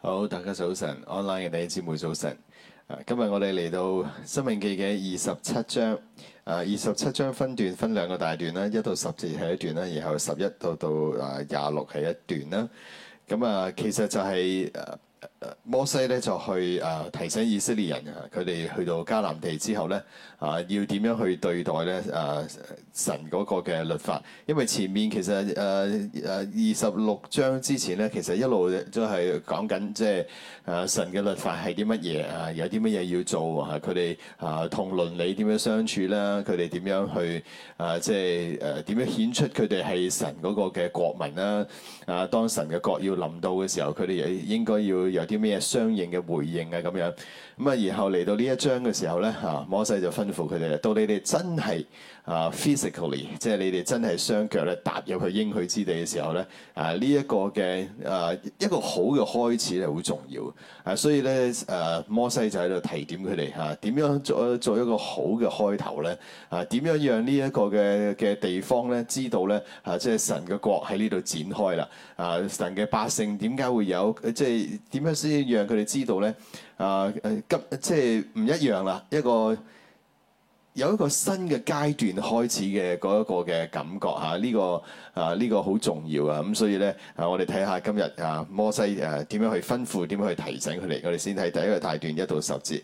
好，大家早晨，online 嘅弟兄姊妹早晨。啊，今日我哋嚟到申命記嘅二十七章，啊，二十七章分段分兩個大段啦，一到十字係一段啦，然後十一到到啊廿六係一段啦。咁啊，其實就係、是。啊摩西咧就去誒、啊、提醒以色列人，佢、啊、哋去到迦南地之後咧，啊要點樣去對待咧誒、啊、神嗰個嘅律法？因為前面其實誒誒、啊、二十六章之前咧，其實一路都係講緊即係誒神嘅律法係啲乜嘢啊，有啲乜嘢要做啊？佢哋啊同倫理點樣相處啦？佢哋點樣去誒即係誒點樣顯出佢哋係神嗰個嘅國民啦？啊當神嘅國要臨到嘅時候，佢哋又應該要，有啲咩相應嘅回應啊？咁樣咁啊，然後嚟到呢一章嘅時候咧，吓，摩西就吩咐佢哋：到你哋真係。啊、uh,，physically，即係你哋真係雙腳咧踏入去應許之地嘅時候咧，啊呢一個嘅啊一個好嘅開始係好重要啊，所以咧，誒、啊、摩西就喺度提點佢哋嚇，點樣做做一個好嘅開頭咧，啊點樣讓呢一個嘅嘅地方咧知道咧，啊即係神嘅國喺呢度展開啦，啊神嘅百姓點解會有即係點樣先讓佢哋知道咧，啊誒今即係唔一樣啦一個。有一個新嘅階段開始嘅嗰一個嘅感覺嚇，呢、啊呢個啊呢、呢個好重要啊咁，所以呢，看看啊，我哋睇下今日啊摩西誒、啊、點樣去吩咐，點樣去提醒佢哋，我哋先睇第一個大段一到十節。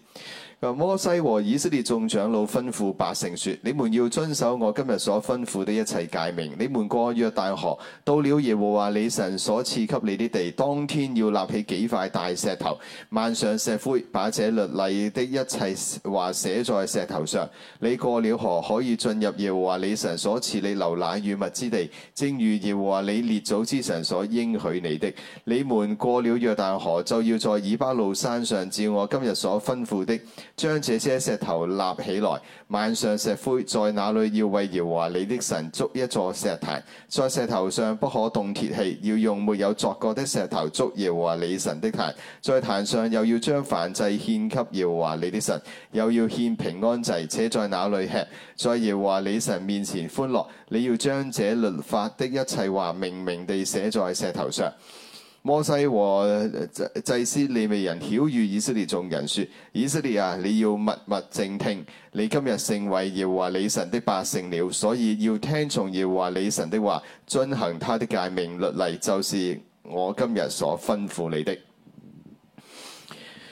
摩西和以色列眾長老吩咐百姓說：你們要遵守我今日所吩咐的一切誡命。你們過約旦河，到了耶和華你神所賜給你的地，當天要立起幾塊大石頭，漫上石灰，把這律例的一切話寫在石頭上。你過了河，可以進入耶和華你神所賜你流奶與蜜之地，正如耶和華你列祖之神所應許你的。你們過了約旦河，就要在以巴路山上照我今日所吩咐的。將這些石頭立起來。晚上石灰在那裏要為耶和華你的神築一座石壇，在石頭上不可動鐵器，要用沒有鑿過的石頭築耶和華你的神的壇，在壇上又要將燔祭獻給耶和華你的神，又要獻平安祭，且在那裏吃，在耶和華你的神面前歡樂。你要將這律法的一切話明明地寫在石頭上。摩西和祭祭司利未人曉諭以色列眾人說：以色列啊，你要默默靜聽。你今日成為耶和華你神的百姓了，所以要聽從耶和華你神的話，遵行他的誡命律例，就是我今日所吩咐你的。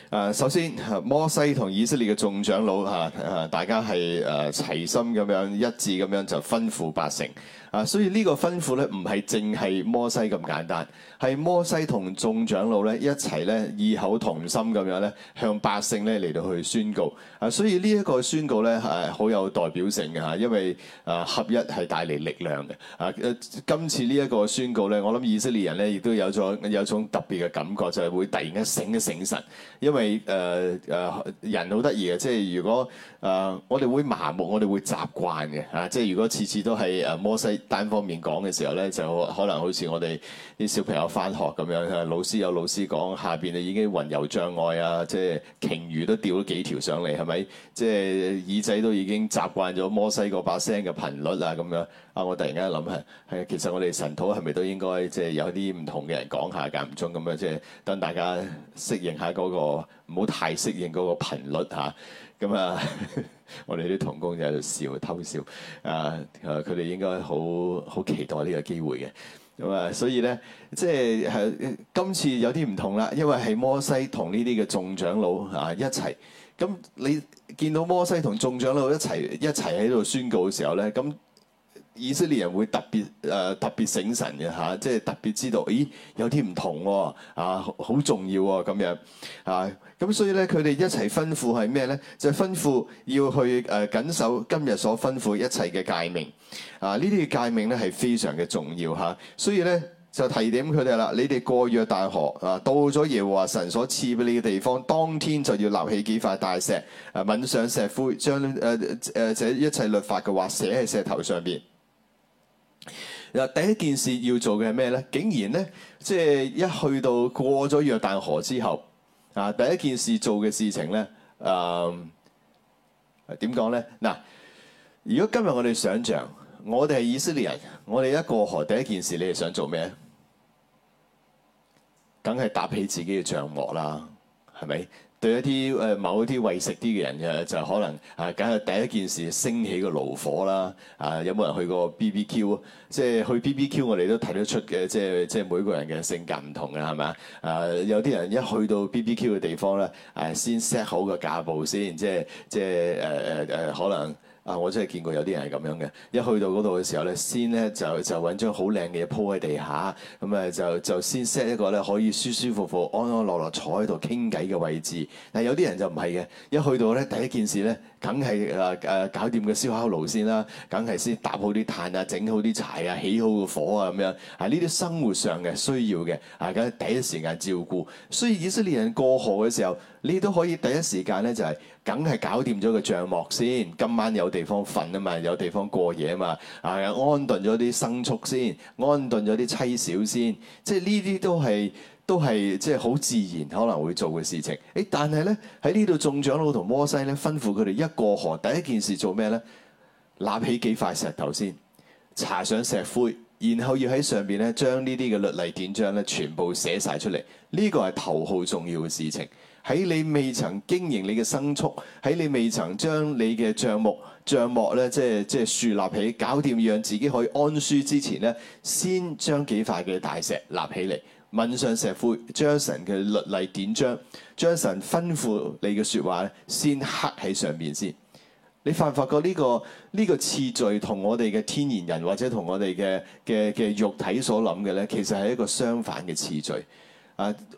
啊，首先摩西同以色列嘅眾長老吓，啊，大家係誒齊心咁樣一致咁樣就吩咐百姓啊，所以呢個吩咐咧唔係淨係摩西咁簡單。係摩西同眾長老咧一齊咧異口同心咁樣咧向百姓咧嚟到去宣告啊，所以呢一個宣告咧係好有代表性嘅嚇，因為啊合一係帶嚟力量嘅啊。今次呢一個宣告咧，我諗以色列人咧亦都有咗，有種特別嘅感覺，就係、是、會突然間醒一醒醒神，因為誒誒、呃、人好得意嘅，即係如果。誒，uh, 我哋會麻木，我哋會習慣嘅嚇。即係如果次次都係誒、啊、摩西單方面講嘅時候咧，就可能好似我哋啲小朋友返學咁樣、啊，老師有老師講，下邊就已經雲遊障礙啊，啊，即係鯨魚都掉咗幾條上嚟，係咪？即係耳仔都已經習慣咗摩西嗰把聲嘅頻率啊。咁樣啊！我突然間諗下，係、啊、其實我哋神土係咪都應該即係有啲唔同嘅人講下間唔中咁樣，即係等大家適應下嗰、嗰個，唔好太適應嗰個頻率嚇。啊。咁啊， 我哋啲童工就喺度笑，偷笑啊！佢哋應該好好期待呢個機會嘅。咁啊，所以呢，即係、啊、今次有啲唔同啦，因為係摩西同呢啲嘅眾長老啊一齊。咁你見到摩西同眾長老一齊一齊喺度宣告嘅時候呢，咁。以色列人會特別誒、呃、特別醒神嘅嚇、啊，即係特別知道，咦，有啲唔同喎啊，啊，好重要喎咁樣啊。咁、啊、所以咧，佢哋一齊吩咐係咩咧？就吩咐要去誒、呃、緊守今日所吩咐一切嘅誡命啊。呢啲誡命咧係非常嘅重要嚇、啊，所以咧就提點佢哋啦。你哋過約大河啊，到咗耶和華神所賜俾你嘅地方，當天就要立起幾塊大石，啊揾，上石灰，將誒誒這一切律法嘅話寫喺石頭上邊。嗱，第一件事要做嘅係咩咧？竟然咧，即係一去到過咗約旦河之後，啊，第一件事做嘅事情咧，誒，點講咧？嗱，如果今日我哋想象，我哋係以色列人，我哋一過河第一件事，你哋想做咩？梗係搭起自己嘅帳幕啦，係咪？對一啲誒、呃、某一啲為食啲嘅人誒，就可能啊，梗係第一件事升起個爐火啦！啊，有冇人去過 BBQ 啊？即係去 BBQ，我哋都睇得出嘅，即係即係每個人嘅性格唔同嘅，係咪啊？啊，有啲人一去到 BBQ 嘅地方咧，誒、啊、先 set 好個架步先，即係即係誒誒誒，可能。啊！我真係見過有啲人係咁樣嘅，一去到嗰度嘅時候咧，先咧就就揾張好靚嘅嘢鋪喺地下，咁誒就就先 set 一個咧可以舒舒服服、安安樂樂坐喺度傾偈嘅位置。但係有啲人就唔係嘅，一去到咧第一件事咧，梗係誒誒搞掂個燒烤爐先啦，梗係先搭好啲炭啊，整好啲柴啊，起好個火啊咁樣。係呢啲生活上嘅需要嘅，係梗係第一時間照顧。所以以色列人過河嘅時候，你都可以第一時間咧就係、是。梗係搞掂咗個帳幕先，今晚有地方瞓啊嘛，有地方過夜啊嘛，啊安頓咗啲牲畜先，安頓咗啲妻小先，即係呢啲都係都係即係好自然可能會做嘅事情。誒，但係呢，喺呢度，眾長老同摩西呢，吩咐佢哋一過河第一件事做咩呢？立起幾塊石頭先，搽上石灰，然後要喺上面呢，將呢啲嘅律例典章呢，全部寫晒出嚟。呢個係頭號重要嘅事情。喺你未曾經營你嘅牲畜，喺你未曾將你嘅帳目帳幕咧，即係即係樹立起，搞掂讓自己可以安舒之前咧，先將幾塊嘅大石立起嚟，墁上石灰，將神嘅律例典章，將神吩咐你嘅説話咧，先刻喺上面先。你有有發唔發覺呢個呢、呢個次序同我哋嘅天然人或者同我哋嘅嘅嘅肉體所諗嘅咧，其實係一個相反嘅次序。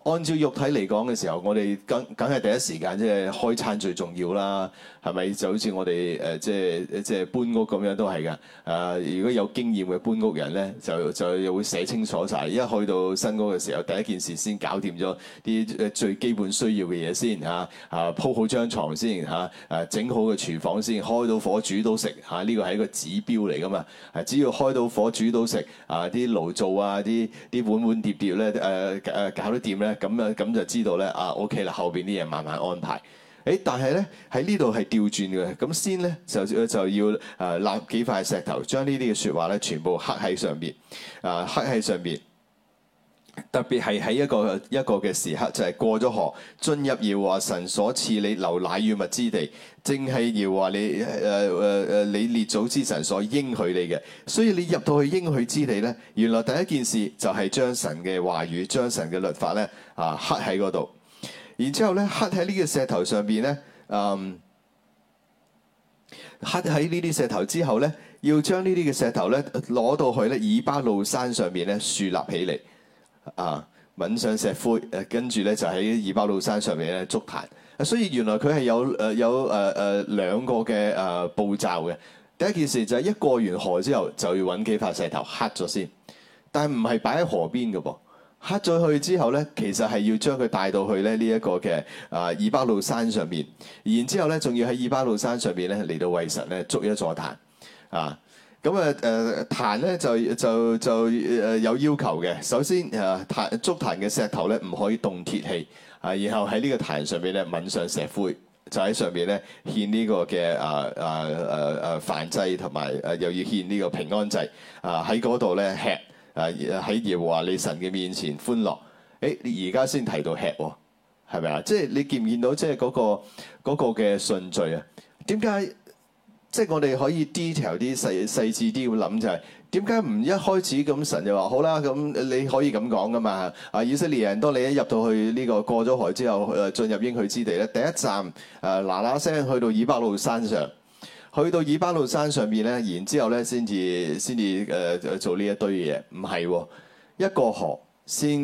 按照肉體嚟講嘅時候，我哋梗梗係第一時間即係開餐最重要啦，係咪就好似我哋誒即係即係搬屋咁樣都係㗎？啊，如果有經驗嘅搬屋人咧，就就又會寫清楚晒。一去到新屋嘅時候，第一件事先搞掂咗啲最基本需要嘅嘢先嚇，嚇鋪好張床先嚇，誒整好個廚房先開到火煮到食，嚇呢個係一個指標嚟㗎嘛，只要開到火煮到食，啊啲爐灶啊，啲啲碗碗碟碟咧誒誒搞。點咧咁啊咁就知道咧啊 OK 啦後邊啲嘢慢慢安排誒但係咧喺呢度係調轉嘅咁先咧就就要啊立幾塊石頭將呢啲嘅説話咧全部刻喺上邊啊刻喺上邊。特別係喺一個一個嘅時刻，就係、是、過咗河，進入耶和華神所賜你流奶與蜜之地，正係耶和華你誒誒誒，你列祖之神所應許你嘅。所以你入到去應許之地咧，原來第一件事就係將神嘅話語、將神嘅律法咧啊、呃、刻喺嗰度。然之後咧，刻喺呢個石頭上邊咧，嗯、呃，刻喺呢啲石頭之後咧，要將呢啲嘅石頭咧攞到去咧以巴路山上邊咧樹立起嚟。啊！揾上石灰，誒跟住咧就喺以巴路山上面咧築壇。啊，所以原來佢係有誒有誒誒兩個嘅誒、呃、步驟嘅。第一件事就係一個過完河之後，就要揾幾塊石頭刻咗先。但係唔係擺喺河邊嘅噃，刻咗去之後咧，其實係要將佢帶到去咧呢一個嘅啊以巴路山上面。然之後咧，仲要喺以巴路山上面咧嚟到為神咧築一座壇。啊！咁啊誒壇咧就就就誒有要求嘅。首先啊，壇築壇嘅石頭咧唔可以動鐵器啊。然後喺呢個壇上邊咧揾上石灰，就喺上邊咧獻呢個嘅啊啊啊啊燔祭，同埋誒又要獻呢個平安祭啊。喺嗰度咧吃啊，喺耶和華你神嘅面前歡樂。你而家先提到吃喎，係咪啊？即係你見唔見到即係嗰個嗰個嘅順序啊？點解？即係我哋可以 detail 啲細細緻啲去諗，就係點解唔一開始咁神就話，好啦，咁你可以咁講㗎嘛。啊，以色列人，當你一入到去呢個過咗河之後，誒進入應許之地咧，第一站，誒嗱嗱聲去到以巴路山上，去到以巴路山上邊咧，然之後咧先至先至誒做呢一堆嘢，唔係一個河先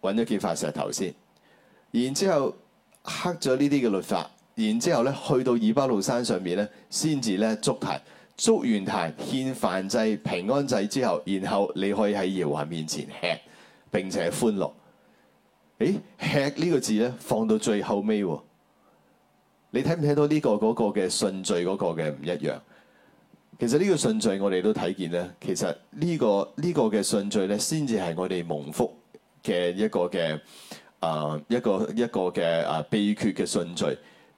揾咗幾塊石頭先，然之後刻咗呢啲嘅律法。然之後咧，去到以巴路山上面咧，先至咧築壇，築完壇獻燔祭平安祭之後，然後你可以喺耶和華面前吃並且歡樂。誒，吃呢個字咧放到最後尾，哦，你睇唔睇到呢、這個嗰、那個嘅順序嗰個嘅唔一樣？其實個呢個順序我哋都睇見咧，其實、這個這個、呢個呢個嘅順序咧，先至係我哋蒙福嘅一個嘅啊、呃、一個一個嘅啊秘訣嘅順序。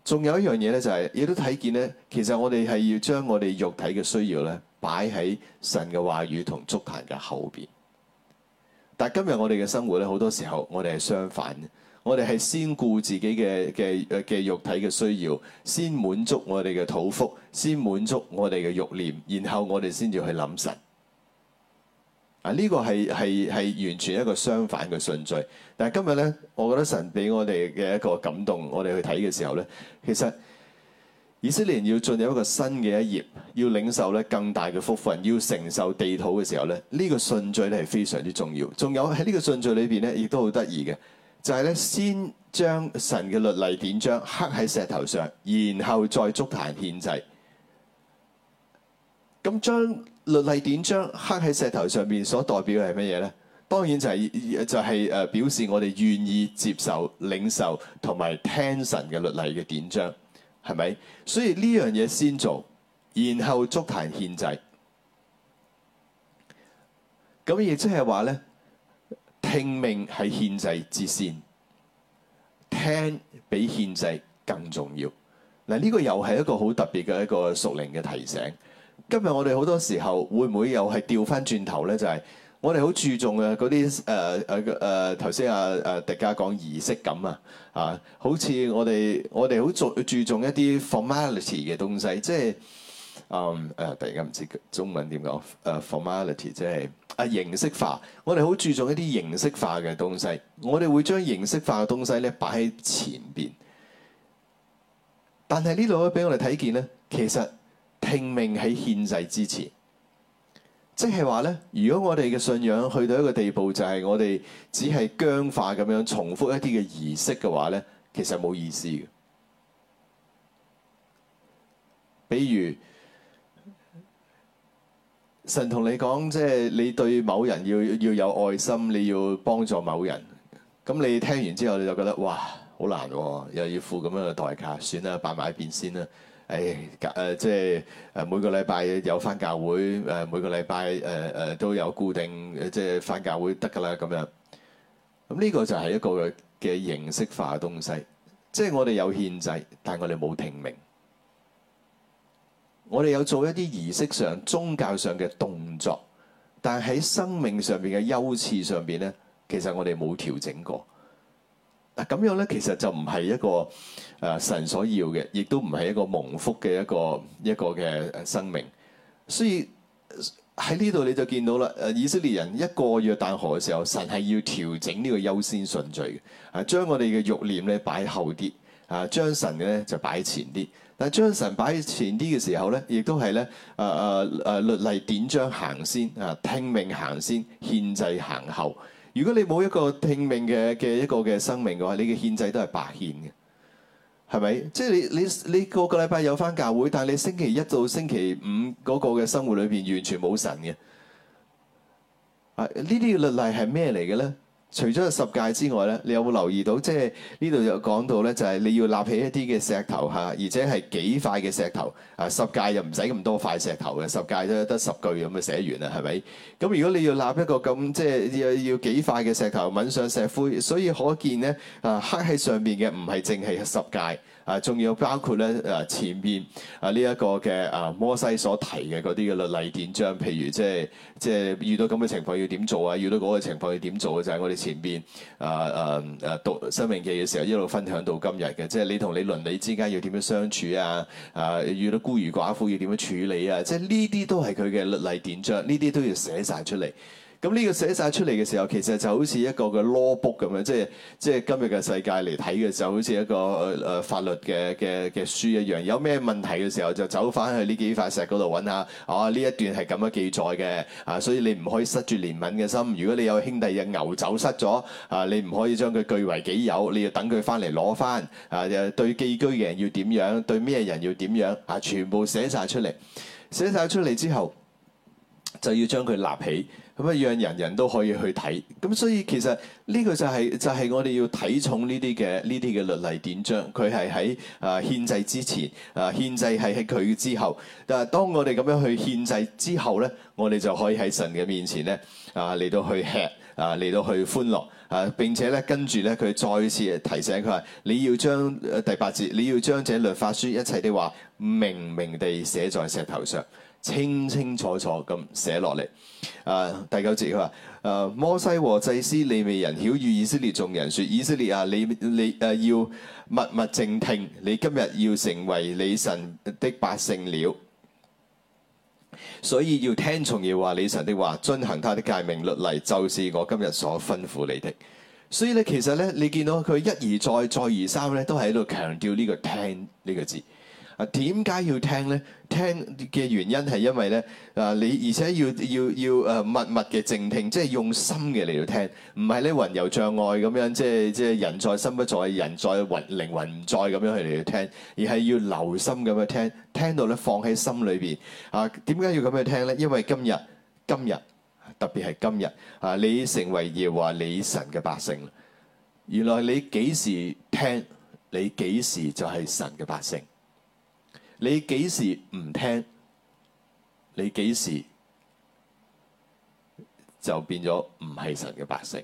仲有一樣嘢咧，就係亦都睇見咧，其實我哋係要將我哋肉體嘅需要咧擺喺神嘅話語同築壇嘅後邊。但係今日我哋嘅生活咧，好多時候我哋係相反嘅，我哋係先顧自己嘅嘅嘅肉體嘅需要，先滿足我哋嘅肚腹，先滿足我哋嘅慾念，然後我哋先至去諗神。啊！呢個係係係完全一個相反嘅順序，但係今日呢，我覺得神俾我哋嘅一個感動，我哋去睇嘅時候呢，其實以色列要進入一個新嘅一頁，要領受咧更大嘅福分，要承受地土嘅時候呢，呢個順序咧係非常之重要。仲有喺呢個順序裏邊呢，亦都好得意嘅，就係呢：先將神嘅律例典章刻喺石頭上，然後再築壇獻祭，咁將，律例典章刻喺石頭上面所代表係乜嘢咧？當然就係、就係、誒表示我哋願意接受領受同埋聽神嘅律例嘅典章，係咪？所以呢樣嘢先做，然後築壇獻祭。咁亦即係話咧，聽命係獻祭之先，聽比獻祭更重要。嗱，呢個又係一個好特別嘅一個屬靈嘅提醒。今日我哋好多時候會唔會又係調翻轉頭呢？就係、是、我哋好注重嘅嗰啲誒誒誒頭先啊誒迪加講儀式感啊啊，好似我哋我哋好注注重一啲 formality 嘅東西，即係嗯誒、啊、突然間唔知中文點講誒、啊、formality，即係啊形式化。我哋好注重一啲形式化嘅東西，我哋會將形式化嘅東西咧擺喺前邊，但係呢度咧俾我哋睇見呢，其實。聽命喺獻祭之前，即係話呢，如果我哋嘅信仰去到一個地步，就係我哋只係僵化咁樣重複一啲嘅儀式嘅話呢，其實冇意思嘅。比如神同你講，即係你對某人要要有愛心，你要幫助某人，咁你聽完之後你就覺得哇，好難啊，又要付咁樣嘅代價，算啦，擺埋一邊先啦。誒，誒、哎、即係誒每個禮拜有返教會，誒每個禮拜誒誒、呃、都有固定，即係返教會得㗎啦。咁樣，咁、這、呢個就係一個嘅形式化嘅東西。即係我哋有限制，但係我哋冇聽明。我哋有做一啲儀式上、宗教上嘅動作，但係喺生命上邊嘅優次上邊咧，其實我哋冇調整過。啊，咁樣咧，其實就唔係一個誒神所要嘅，亦都唔係一個蒙福嘅一個一個嘅生命。所以喺呢度你就見到啦，誒以色列人一個約旦河嘅時候，神係要調整呢個優先順序嘅，啊，將我哋嘅慾念咧擺後啲，啊，將神咧就擺前啲。但將神擺前啲嘅時候咧，亦都係咧誒誒誒律例典章行先，啊，聽命行先，獻祭行後。如果你冇一個聽命嘅一個嘅生命嘅話，你嘅獻祭都係白獻嘅，係咪？即係你你你個個禮拜有返教會，但你星期一到星期五嗰個嘅生活裏面完全冇神嘅啊！呢啲律例係咩嚟嘅咧？除咗十誡之外咧，你有冇留意到？即係呢度有講到咧，就係、是、你要立起一啲嘅石頭吓，而且係幾塊嘅石頭。啊，十誡又唔使咁多塊石頭嘅，十誡都得十句咁嘅寫完啦，係咪？咁如果你要立一個咁即係要要幾塊嘅石頭墁上石灰，所以可見咧啊，刻喺上邊嘅唔係淨係十誡。啊，仲有包括咧，誒前邊啊呢一個嘅啊摩西所提嘅嗰啲嘅律例典章，譬如即係即係遇到咁嘅情況要點做啊，遇到嗰個情況要點做嘅，就係我哋前邊啊啊啊讀申命記嘅時候一路分享到今日嘅，即係你同你鄰里之間要點樣相處啊，啊遇到孤兒寡婦要點樣處理啊，即係呢啲都係佢嘅律例典章，呢啲都要寫晒出嚟。咁呢個寫晒出嚟嘅時候，其實就好似一個嘅 lawbook 咁樣，即係即係今日嘅世界嚟睇嘅時候，好似一個誒、呃、法律嘅嘅嘅書一樣。有咩問題嘅時候，就走翻去呢幾塊石嗰度揾下。啊，呢一段係咁樣記載嘅。啊，所以你唔可以塞住憐憫嘅心。如果你有兄弟嘅牛走失咗，啊，你唔可以將佢據為己有，你要等佢翻嚟攞翻。啊，對寄居嘅人要點樣？對咩人要點樣？啊，全部寫晒出嚟。寫晒出嚟之後，就要將佢立起，咁樣人人都可以去睇。咁所以其實呢個就係、是、就係、是、我哋要睇重呢啲嘅呢啲嘅律例典章。佢係喺啊獻祭之前，啊獻祭係喺佢之後。但係當我哋咁樣去獻祭之後呢，我哋就可以喺神嘅面前呢啊嚟到去吃啊嚟到去歡樂啊。並且呢，跟住呢，佢再次提醒佢話：你要將第八節，你要將這律法書一切的話，明明地寫在石頭上。清清楚楚咁寫落嚟。啊、呃，第九節佢話：誒、呃、摩西和祭司利未人曉諭以色列眾人説：以色列啊，你你誒、呃、要默默靜聽，你今日要成為你神的百姓了。所以要聽從耶和華你神的話，遵行他的誡命律例，就是我今日所吩咐你的。所以咧，其實咧，你見到佢一而再，再而三咧，都喺度強調呢、呢個聽呢、呢個字。啊！點解要聽呢？聽嘅原因係因為呢，啊！你而且要要要誒、啊、默默嘅靜聽，即係用心嘅嚟到聽，唔係咧雲遊障礙咁樣，即係即係人在心不在，人在魂靈魂唔在咁樣去嚟到聽，而係要留心咁去聽，聽到咧放喺心裏邊啊！點解要咁去聽呢？因為今日今日特別係今日啊！你成為耶和華你神嘅百姓。原來你幾時聽，你幾時就係神嘅百姓。你幾時唔聽，你幾時就變咗唔係神嘅百姓？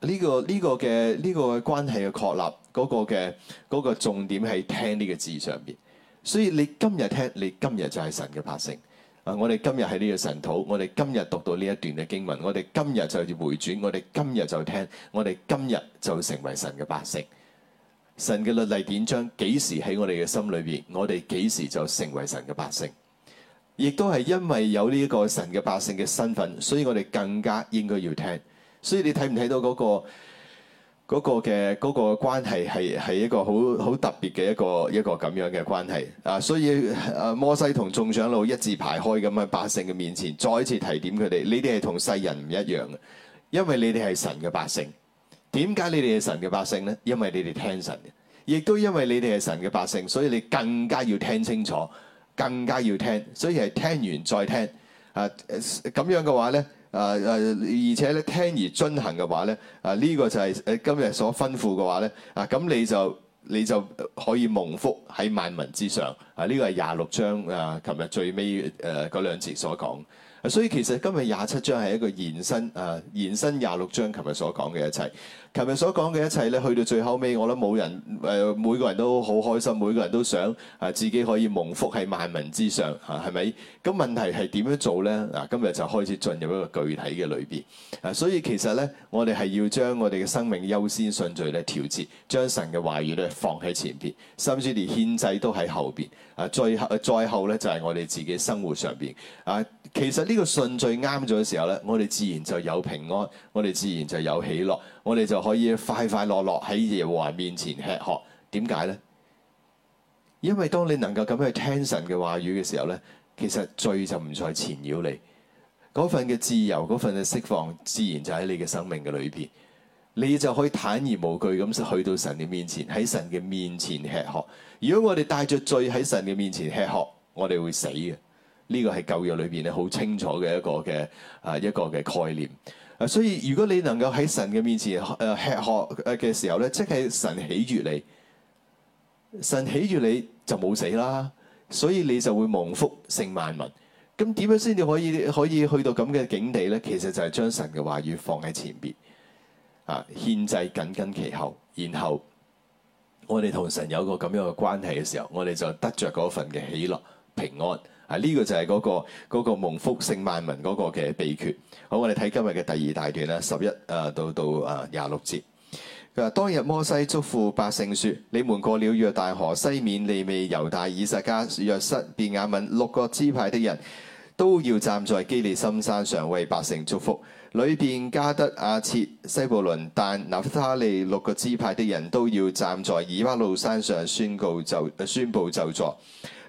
呢、這個呢、這個嘅呢、這個關係嘅確立，嗰、那個嘅、那個重點喺聽呢個字上邊。所以你今日聽，你今日就係神嘅百姓。啊，我哋今日喺呢個神土，我哋今日讀到呢一段嘅經文，我哋今日就要回轉，我哋今日就聽，我哋今日就成為神嘅百姓。神嘅律例典章幾時喺我哋嘅心裏邊，我哋幾時就成為神嘅百姓，亦都係因為有呢一個神嘅百姓嘅身份，所以我哋更加應該要聽。所以你睇唔睇到嗰個嗰個嘅嗰個關係係係一個好好特別嘅一個一個咁樣嘅關係啊？所以誒、啊、摩西同眾長老一字排開咁喺百姓嘅面前，再一次提點佢哋，呢啲係同世人唔一樣嘅，因為你哋係神嘅百姓。點解你哋係神嘅百姓呢？因為你哋聽神嘅，亦都因為你哋係神嘅百姓，所以你更加要聽清楚，更加要聽，所以係聽完再聽啊！咁樣嘅話呢，啊啊，而且咧聽而遵行嘅話呢，啊呢個就係誒今日所吩咐嘅話呢。啊咁你就你就可以蒙福喺萬民之上啊！呢個係廿六章啊，琴日最尾誒嗰兩節所講。所以其實今日廿七章係一個延伸啊，延伸廿六章。琴日所講嘅一切，琴日所講嘅一切咧，去到最後尾，我諗冇人誒、呃，每個人都好開心，每個人都想啊，自己可以蒙福喺萬民之上啊，係咪？咁問題係點樣做咧？啊，今日就開始進入一個具體嘅裏邊啊。所以其實咧，我哋係要將我哋嘅生命優先順序咧調節，將神嘅話語咧放喺前邊，甚至連獻祭都喺後邊啊。最後最後咧就係、是、我哋自己生活上邊啊。其實呢個順序啱咗嘅時候呢，我哋自然就有平安，我哋自然就有喜樂，我哋就可以快快樂樂喺耶和華面前吃喝。點解呢？因為當你能夠咁去聽神嘅話語嘅時候呢，其實罪就唔再纏繞你。嗰份嘅自由，嗰份嘅釋放，自然就喺你嘅生命嘅裏邊。你就可以坦然無懼咁去到神嘅面前，喺神嘅面前吃喝。如果我哋帶着罪喺神嘅面前吃喝，我哋會死嘅。呢個係舊約裏邊咧，好清楚嘅一個嘅啊一個嘅概念啊。所以如果你能夠喺神嘅面前誒吃喝嘅時候咧，即係神喜悅你，神喜悅你就冇死啦。所以你就會蒙福勝萬民。咁點樣先至可以可以去到咁嘅境地咧？其實就係將神嘅話語放喺前邊啊，獻祭緊跟其後，然後我哋同神有個咁樣嘅關係嘅時候，我哋就得着嗰份嘅喜樂平安。啊！呢、這個就係嗰、那個那個蒙福聖萬民嗰個嘅秘訣。好，我哋睇今日嘅第二大段啦，十一、呃、啊到到啊廿六節。佢話：當日摩西祝福百姓説：你們過了約大河西面利，利未、猶大、以撒加、約瑟、便雅敏六個支派的人都要站在基利森山上為百姓祝福。裏邊加德、阿設、西布倫、但納、拿撒利六個支派的人都要站在以巴路山上宣告就宣佈就座。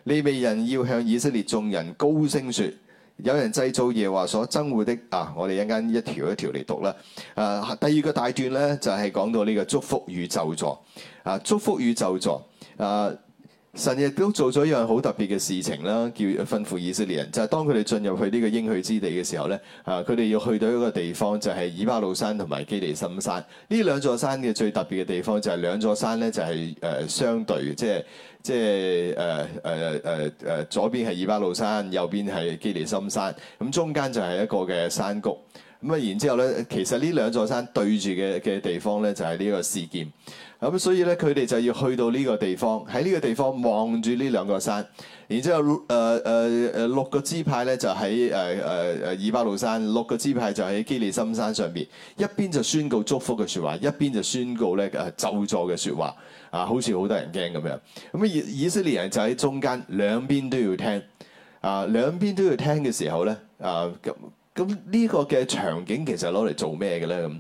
利未人要向以色列眾人高聲説：有人製造耶和華所憎惡的啊！我哋一間一條一條嚟讀啦。誒、啊，第二個大段呢，就係、是、講到呢個祝福與咒詛。啊，祝福與咒詛。誒、啊。神亦都做咗一樣好特別嘅事情啦，叫吩咐以色列人就係當佢哋進入去呢個應許之地嘅時候咧，啊，佢哋要去到一個地方就係以巴魯山同埋基利心山。呢兩座山嘅最特別嘅地方就係兩座山咧就係誒相對，即係即係誒誒誒誒左邊係以巴魯山，右邊係基利心山。咁中間就係一個嘅山谷。咁啊然之後咧，其實呢兩座山對住嘅嘅地方咧就係呢個事件。咁所以咧，佢哋就要去到呢個地方，喺呢個地方望住呢兩個山，然之後誒誒誒六個支派咧就喺誒誒誒以巴路山，六個支派就喺基利心山上邊，一邊就宣告祝福嘅説話，一邊就宣告咧誒咒詛嘅説話，啊，好似好多人驚咁樣。咁、嗯、以以色列人就喺中間，兩邊都要聽，啊，兩邊都要聽嘅時候咧，啊，咁咁呢個嘅場景其實攞嚟做咩嘅咧？咁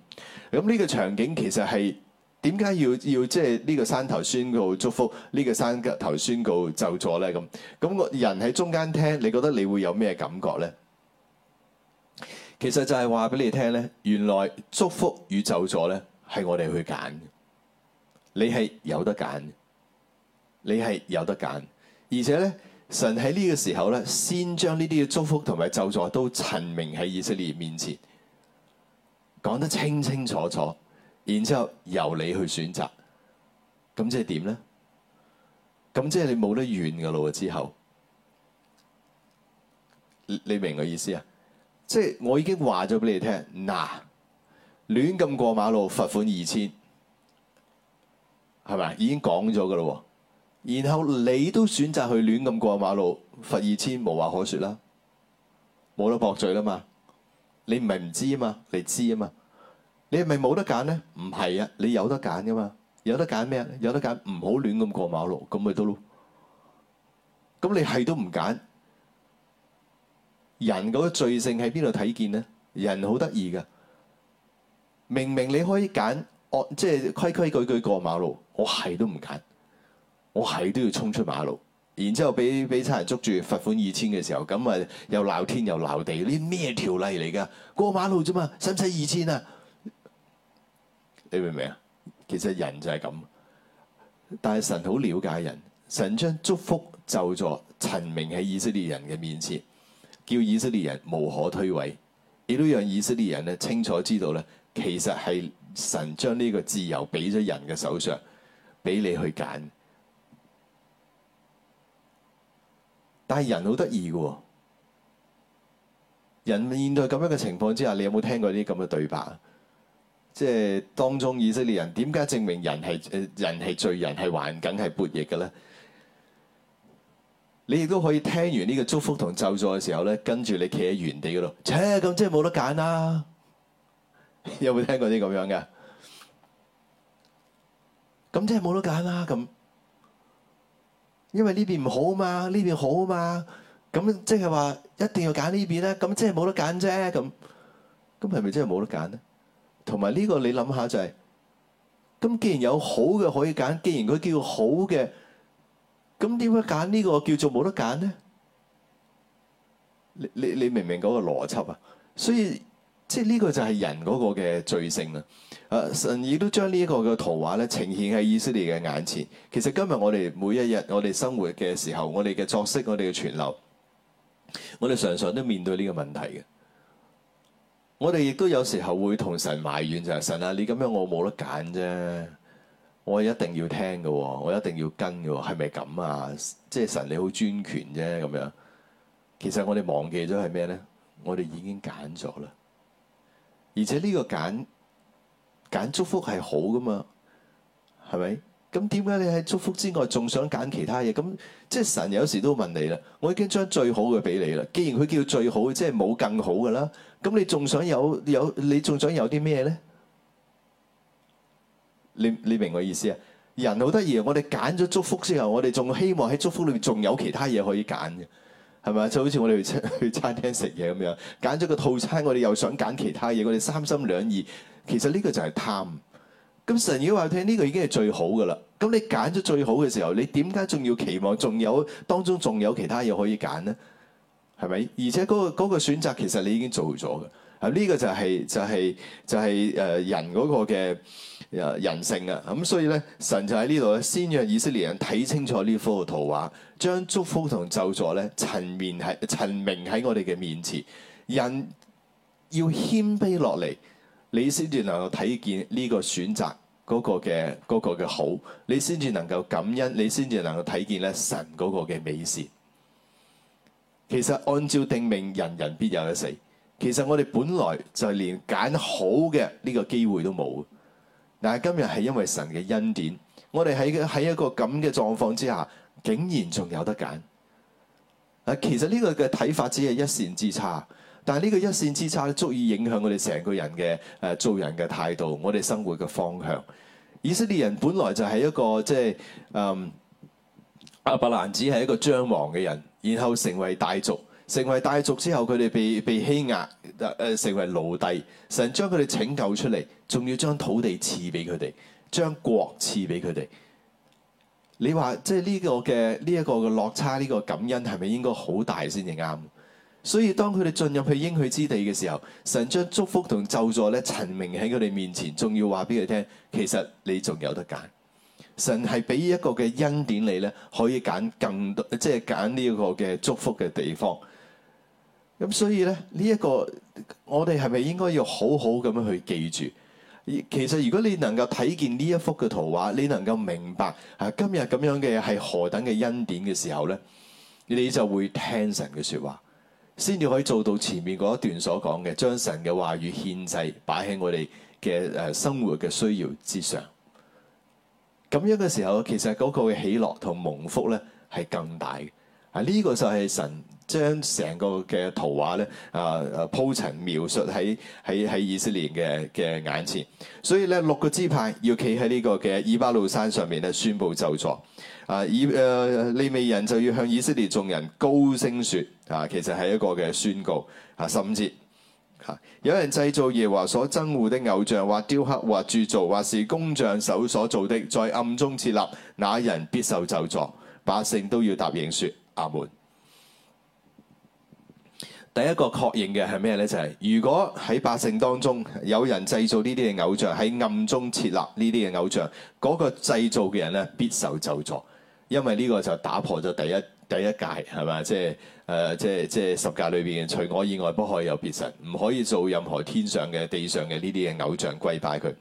咁呢個場景其實係。點解要要即係呢個山頭宣告祝福，呢個山頭宣告咒詛呢？咁咁個人喺中間聽，你覺得你會有咩感覺呢？其實就係話俾你聽呢，原來祝福與咒詛呢，係我哋去揀，你係有得揀，你係有得揀，而且呢，神喺呢個時候呢，先將呢啲嘅祝福同埋咒詛都陳明喺以色列面前，講得清清楚楚。然之後由你去選擇，咁即係點咧？咁即係你冇得怨嘅咯。之後，你，你明我意思啊？即係我已經話咗俾你聽，嗱、呃，亂咁過馬路罰款二千，係咪啊？已經講咗嘅咯。然後你都選擇去亂咁過馬路，罰二千，無話可説啦，冇得駁嘴啦嘛。你唔係唔知啊嘛，你知啊嘛。你係咪冇得揀咧？唔係啊，你有得揀噶嘛？有得揀咩？有得揀，唔好亂咁過馬路，咁咪得咯。咁你係都唔揀？人嗰個罪性喺邊度睇見咧？人好得意噶，明明你可以揀，即係規規矩矩過馬路，我係都唔揀，我係都要衝出馬路，然之後俾俾差人捉住罰款二千嘅時候，咁咪又鬧天又鬧地，呢咩條例嚟噶？過馬路咋嘛，使唔使二千啊？你明唔明啊？其實人就係咁，但係神好了解人，神將祝福咒詛陳明喺以色列人嘅面前，叫以色列人無可推諉。亦都讓以色列人咧清楚知道咧，其實係神將呢個自由俾咗人嘅手上，俾你去揀。但係人好得意嘅，人面對咁樣嘅情況之下，你有冇聽過啲咁嘅對白啊？即係當中以色列人點解證明人係人係罪人係環境、係叛逆嘅咧？你亦都可以聽完呢個祝福同咒詛嘅時候咧，跟住你企喺原地嗰度，切咁即係冇得揀啦！ 有冇聽過啲咁樣嘅？咁 即係冇得揀啦！咁因為呢邊唔好啊嘛，呢邊好啊嘛，咁即係話一定要揀呢邊啦。咁即係冇得揀啫。咁咁係咪真係冇得揀呢？同埋呢個你諗下就係、是，咁既然有好嘅可以揀，既然佢叫好嘅，咁點解揀呢個叫做冇得揀呢？你你你明唔明嗰個邏輯啊？所以即係呢個就係人嗰個嘅罪性啊！啊，神亦都將呢一個嘅圖畫咧呈現喺以色列嘅眼前。其實今日我哋每一日我哋生活嘅時候，我哋嘅作息，我哋嘅存留，我哋常常都面對呢個問題嘅。我哋亦都有時候會同神埋怨，就係神啊！你咁樣，我冇得揀啫。我一定要聽嘅，我一定要跟嘅，係咪咁啊？即係神你好專權啫咁樣。其實我哋忘記咗係咩咧？我哋已經揀咗啦，而且呢個揀揀祝福係好噶嘛，係咪？咁點解你喺祝福之外仲想揀其他嘢？咁即係神有時都問你啦。我已經將最好嘅俾你啦。既然佢叫最好，即係冇更好噶啦。咁你仲想有有，你仲想有啲咩咧？你你明我意思啊？人好得意，我哋揀咗祝福之後，我哋仲希望喺祝福裏面仲有其他嘢可以揀嘅，係咪？就好似我哋去餐廳食嘢咁樣，揀咗個套餐，我哋又想揀其他嘢，我哋三心兩意。其實呢個就係貪。咁神如果話聽呢個已經係最好噶啦，咁你揀咗最好嘅時候，你點解仲要期望仲有當中仲有其他嘢可以揀呢？係咪？而且嗰個嗰個選擇其實你已經做咗嘅，係呢個就係就係就係誒人嗰個嘅人性啊。咁所以咧，神就喺呢度咧，先讓以色列人睇清楚呢幅圖畫，將祝福同咒詛咧陳綿喺陳明喺我哋嘅面前。人要謙卑落嚟，你先至能夠睇見呢個選擇嗰個嘅嗰個嘅好，你先至能夠感恩，你先至能夠睇見咧神嗰個嘅美善。其實按照定命，人人必有得死。其實我哋本來就係連揀好嘅呢個機會都冇。但係今日係因為神嘅恩典，我哋喺喺一個咁嘅狀況之下，竟然仲有得揀。其實呢個嘅睇法只係一線之差，但係呢個一線之差足以影響我哋成個人嘅誒、呃、做人嘅態度，我哋生活嘅方向。以色列人本來就係一個即係嗯阿伯蘭子係一個將亡嘅人。然後成為大族，成為大族之後，佢哋被被欺壓、呃，成為奴隸。神將佢哋拯救出嚟，仲要將土地賜俾佢哋，將國賜俾佢哋。你話即係呢個嘅呢一個嘅落差，呢、呢個感恩係咪應該好大先至啱？所以當佢哋進入去應許之地嘅時候，神將祝福同咒詛咧陳明喺佢哋面前，仲要話俾佢聽，其實你仲有得揀。神係俾一個嘅恩典你呢，你咧可以揀更多，即係揀呢一個嘅祝福嘅地方。咁所以咧，呢、這、一個我哋係咪應該要好好咁樣去記住？其實如果你能夠睇見呢一幅嘅圖畫，你能夠明白啊，今日咁樣嘅係何等嘅恩典嘅時候咧，你就會聽神嘅説話，先至可以做到前面嗰一段所講嘅，將神嘅話語獻祭擺喺我哋嘅誒生活嘅需要之上。咁樣嘅時候，其實嗰個嘅喜樂同蒙福咧係更大嘅啊！呢、這個就係神將成個嘅圖畫咧啊啊鋪陳描述喺喺喺以色列嘅嘅眼前，所以咧六個支派要企喺呢個嘅以巴路山上面咧，宣佈咒詛啊！以誒利未人就要向以色列眾人高聲説啊，其實係一個嘅宣告啊，十五有人製造耶華所憎惡的偶像，或雕刻，或鑄造，或是工匠手所做的，在暗中設立，那人必受咒詛，百姓都要答應說：阿門。第一個確認嘅係咩呢？就係、是、如果喺百姓當中有人製造呢啲嘅偶像，喺暗中設立呢啲嘅偶像，嗰、那個製造嘅人呢必受咒詛，因為呢個就打破咗第一。第一誡係嘛，即係誒、呃，即係即係十誡裏邊，除我以外不可以有別神，唔可以做任何天上嘅、地上嘅呢啲嘅偶像跪拜佢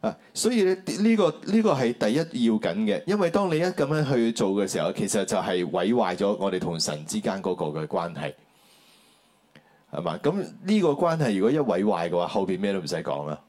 啊。所以咧，呢、這個呢、這個係第一要緊嘅，因為當你一咁樣去做嘅時候，其實就係毀壞咗我哋同神之間嗰個嘅關係，係嘛？咁呢個關係如果一毀壞嘅話，後邊咩都唔使講啦。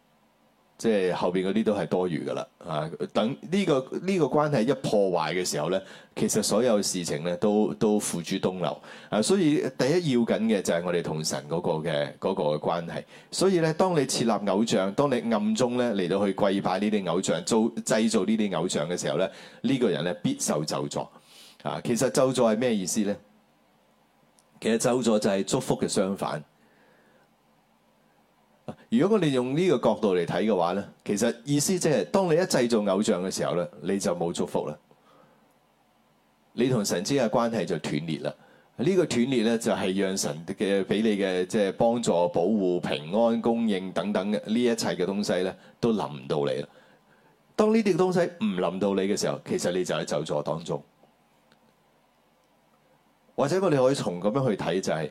即係後邊嗰啲都係多餘嘅啦，啊！等呢個呢個關係一破壞嘅時候呢，其實所有事情咧都都付諸東流啊！所以第一要緊嘅就係我哋同神嗰個嘅嗰個關係。所以呢，當你設立偶像，當你暗中呢嚟到去跪拜呢啲偶像，做製造呢啲偶像嘅時候呢，呢個人呢必受咒詛啊！其實咒詛係咩意思呢？其實咒詛就係祝福嘅相反。如果我哋用呢個角度嚟睇嘅話咧，其實意思即、就、係、是，當你一製造偶像嘅時候咧，你就冇祝福啦，你同神之間嘅關係就斷裂啦。呢、這個斷裂咧，就係讓神嘅俾你嘅即係幫助、保護、平安、供應等等嘅呢一切嘅東西咧，都臨唔到你啦。當呢啲東西唔臨到你嘅時候，其實你就喺咒詛當中。或者我哋可以從咁樣去睇、就是，就係。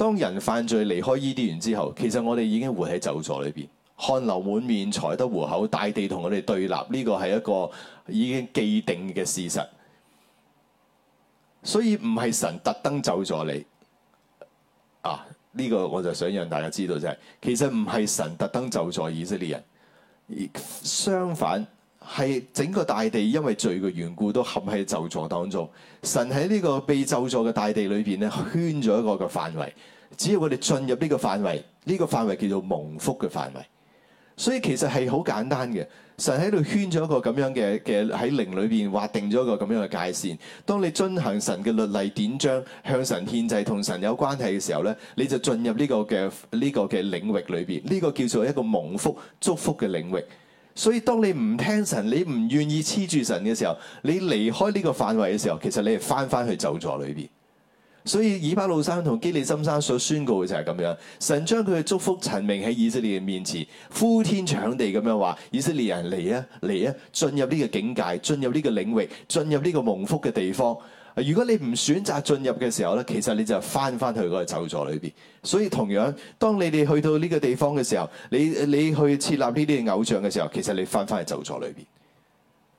當人犯罪離開伊甸園之後，其實我哋已經活喺咒詛裏面，汗流滿面，才得糊口，大地同我哋對立，呢個係一個已經既定嘅事實。所以唔係神特登咒詛你啊！呢個我就想讓大家知道就係，其實唔係神特登咒詛以色列人，而相反。係整個大地因為罪嘅緣故都陷喺咒詛當中，神喺呢個被咒詛嘅大地裏邊咧圈咗一個嘅範圍，只要我哋進入呢個範圍，呢個範圍叫做蒙福嘅範圍。所以其實係好簡單嘅，神喺度圈咗一個咁樣嘅嘅喺靈裏邊劃定咗一個咁樣嘅界線。當你遵行神嘅律例典章，向神獻祭同神有關係嘅時候咧，你就進入呢個嘅呢個嘅領域裏邊，呢個叫做一個蒙福祝福嘅領域。所以當你唔聽神，你唔願意黐住神嘅時候，你離開呢個範圍嘅時候，其實你係翻翻去咒詛裏邊。所以以巴魯山同基利心山所宣告嘅就係咁樣，神將佢嘅祝福陳明喺以色列嘅面前，呼天搶地咁樣話：以色列人嚟啊嚟啊，進入呢個境界，進入呢個領域，進入呢個蒙福嘅地方。如果你唔選擇進入嘅時候咧，其實你就返返去嗰個咒詛裏邊。所以同樣，當你哋去到呢個地方嘅時候，你你去設立呢啲偶像嘅時候，其實你返返去咒詛裏邊，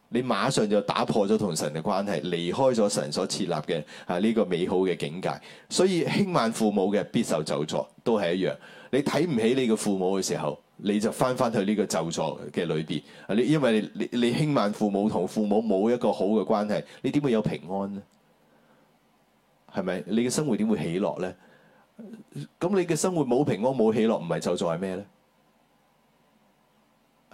你馬上就打破咗同神嘅關係，離開咗神所設立嘅啊呢個美好嘅境界。所以輕慢父母嘅必受咒詛都係一樣。你睇唔起你嘅父母嘅時候，你就返返去呢個咒詛嘅裏邊。你因為你你，你，你輕慢父母同父母冇一個好嘅關係，你點會有平安咧？係咪？你嘅生活點會起落咧？咁你嘅生活冇平安冇起落，唔係咒詛係咩咧？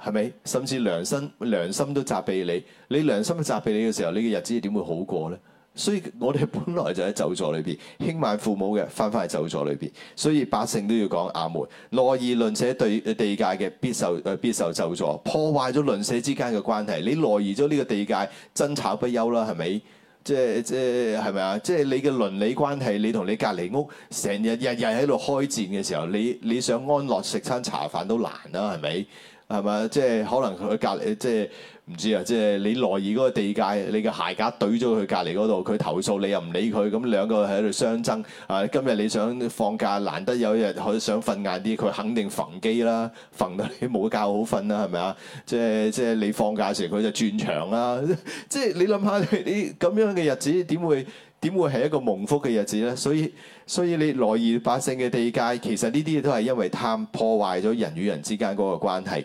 係咪？甚至良心良心都責備你，你良心都責備你嘅時候，你嘅日子點會好過咧？所以我哋本來就喺咒詛裏邊，輕慢父母嘅翻返去咒詛裏邊，所以百姓都要講阿門。挪移鄰舍對地界嘅必受、呃、必受咒詛，破壞咗鄰舍之間嘅關係，你挪移咗呢個地界，爭吵不休啦，係咪？即係即係，係咪啊？即係你嘅鄰理關係，你同你隔離屋成日日日喺度開戰嘅時候，你你想安樂食餐茶飯都難啦、啊，係咪？係咪？即係可能佢隔離即係。唔知啊，即係你挪移嗰個地界，你嘅鞋架對咗佢隔離嗰度，佢投訴你又唔理佢，咁兩個喺度相爭。啊，今日你想放假，難得有一日可以想瞓晏啲，佢肯定焚機啦，逢到你冇覺好瞓啦，係咪啊？即係即係你放假時，佢就轉場啦、啊。 即係你諗下，你咁樣嘅日子點會點會係一個蒙福嘅日子咧？所以所以你挪移百姓嘅地界，其實呢啲都係因為貪破壞咗人與人之間嗰個關係。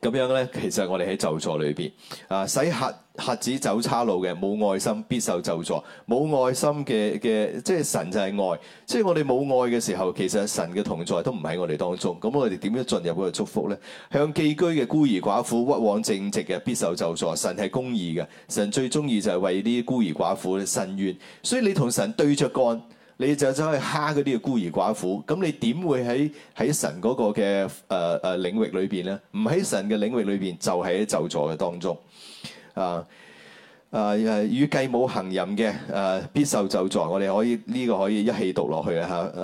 咁樣咧，其實我哋喺咒詛裏邊啊，使瞎子，瞎子走差路嘅冇愛心，必受咒詛；冇愛心嘅嘅，即係神就係愛，即係我哋冇愛嘅時候，其實神嘅同在都唔喺我哋當中。咁我哋點樣進入嗰個祝福咧？向寄居嘅孤兒寡婦、屈枉正直嘅，必受咒詛。神係公義嘅，神最中意就係為啲孤兒寡婦伸冤。所以你同神對着幹。你就走去蝦嗰啲嘅孤兒寡婦，咁你點會喺喺神嗰個嘅誒誒領域裏邊咧？唔喺神嘅領域裏邊，就喺咒詛嘅當中啊啊！與、呃、繼、呃、母行淫嘅誒，必受咒詛，我哋可以呢個可以一氣讀落去啊！誒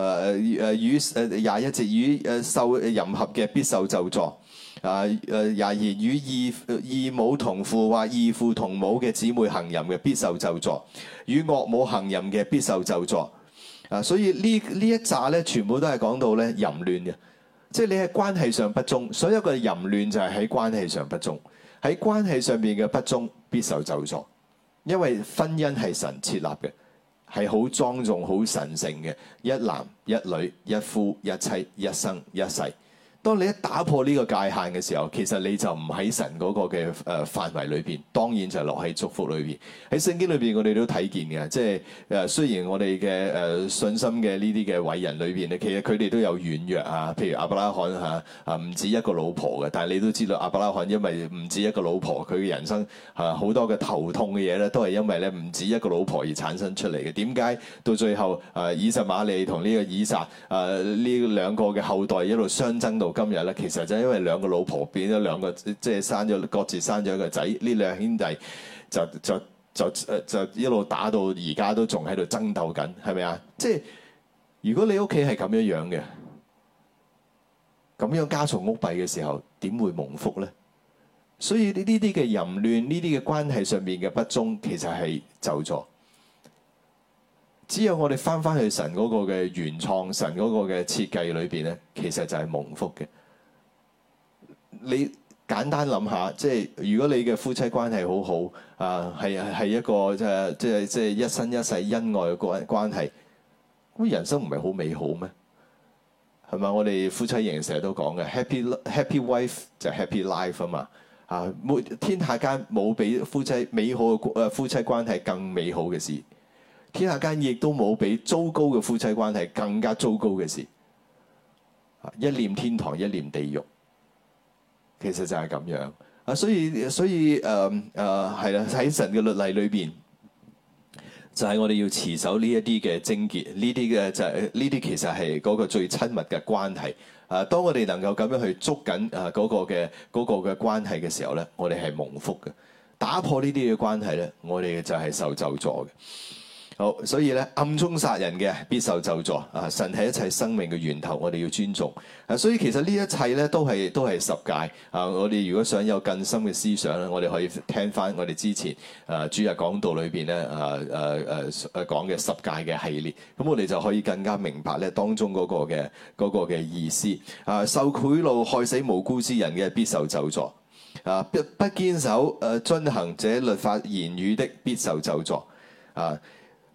誒與誒廿一節與誒獸淫合嘅，必受咒詛，啊、呃！誒廿二與異異母同父或異父同母嘅姊妹行淫嘅，必受咒詛，與岳母行淫嘅，必受咒詛。啊，所以一集呢呢一扎咧，全部都係講到咧淫亂嘅，即係你喺關係上不忠，所有嘅淫亂就係喺關係上不忠，喺關係上邊嘅不忠必受咒詛，因為婚姻係神設立嘅，係好莊重、好神聖嘅，一男一女，一夫一妻，一生一世。當你一打破呢個界限嘅時候，其實你就唔喺神嗰個嘅誒範圍裏邊，當然就落喺祝福裏邊。喺聖經裏邊，我哋都睇見嘅，即係誒雖然我哋嘅誒信心嘅呢啲嘅偉人裏邊咧，其實佢哋都有軟弱啊。譬如亞伯拉罕嚇啊，唔止一個老婆嘅，但係你都知道亞伯拉罕因為唔止一個老婆，佢嘅人生嚇好、啊、多嘅頭痛嘅嘢咧，都係因為咧唔止一個老婆而產生出嚟嘅。點解到最後誒、啊、以實瑪利同呢個以撒誒呢兩個嘅後代一路相爭到？今日咧，其實就因為兩個老婆變咗兩個，即係生咗各自生咗一個仔，呢兩兄弟就就就就，就，就一路打到而家都仲喺度爭鬥緊，係咪啊？即係如果你屋企係咁樣樣嘅，咁樣家重屋弊嘅時候，點會蒙福呢？所以呢啲嘅淫亂，呢啲嘅關係上面嘅不忠，其實係就錯。只有我哋返返去神嗰個嘅原創，神嗰個嘅設計裏邊咧，其實就係蒙福嘅。你簡單諗下，即係如果你嘅夫妻關係好好啊，係係一個即係即係即係一生一世恩愛嘅關關係，咁人生唔係好美好咩？係咪？我哋夫妻型成日都講嘅，happy happy wife 就 happy life 啊嘛。啊，天下間冇比夫妻美好嘅誒夫妻關係更美好嘅事。天下間亦都冇比糟糕嘅夫妻關係更加糟糕嘅事。一念天堂，一念地獄，其實就係咁樣啊。所以，所以誒誒係啦。喺、呃呃、神嘅律例裏邊，就係、是、我哋要持守呢一啲嘅貞潔，呢啲嘅就係呢啲，其實係嗰個最親密嘅關係啊。當我哋能夠咁樣去捉緊誒嗰個嘅嗰、嗰個嘅關係嘅時候咧，我哋係蒙福嘅；打破呢啲嘅關係咧，我哋就係受咒詛嘅。好，所以咧，暗中殺人嘅必受咒詛啊！神係一切生命嘅源頭，我哋要尊重啊！所以其實呢一切咧，都係都係十戒啊！我哋如果想有更深嘅思想咧，我哋可以聽翻我哋之前誒、啊、主日講道裏邊咧啊誒誒誒講嘅十戒嘅系列，咁我哋就可以更加明白咧，當中嗰個嘅嗰個嘅意思啊！受賄賂害死無辜之人嘅必受咒詛啊！不不堅守誒、啊、遵行這律法言語的必受咒詛啊！啊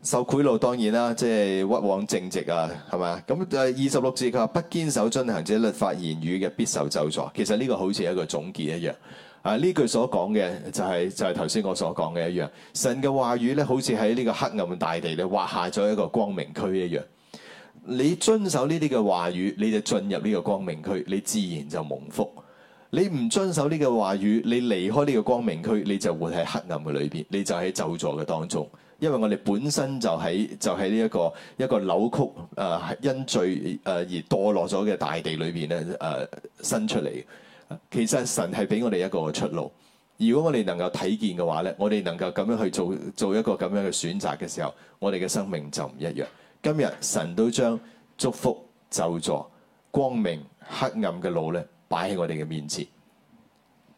受賄賂當然啦，即係屈枉正直啊，係咪？咁誒二十六節，佢話不堅守遵行者律法言語嘅，必受咒詛。其實呢個好似一個總結一樣。啊，呢句所講嘅就係、是、就係頭先我所講嘅一樣。神嘅話語咧，好似喺呢個黑暗大地咧，畫下咗一個光明區一樣。你遵守呢啲嘅話語，你就進入呢個光明區，你自然就蒙福。你唔遵守呢個話語，你離開呢個光明區，你就活喺黑暗嘅裏邊，你就喺咒詛嘅當中。因為我哋本身就喺就喺呢一個一個扭曲誒、呃、因罪誒而墮落咗嘅大地裏邊咧誒生出嚟。其實神係俾我哋一個出路。如果我哋能夠睇見嘅話咧，我哋能夠咁樣去做做一個咁樣嘅選擇嘅時候，我哋嘅生命就唔一樣。今日神都將祝福、咒詛、光明、黑暗嘅路咧擺喺我哋嘅面前，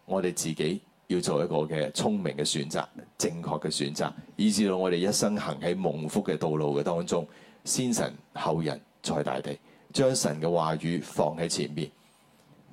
我哋自己，要做一個嘅聰明嘅選擇，正確嘅選擇，以至到我哋一生行喺蒙福嘅道路嘅當中，先神後人，在大地將神嘅話語放喺前面，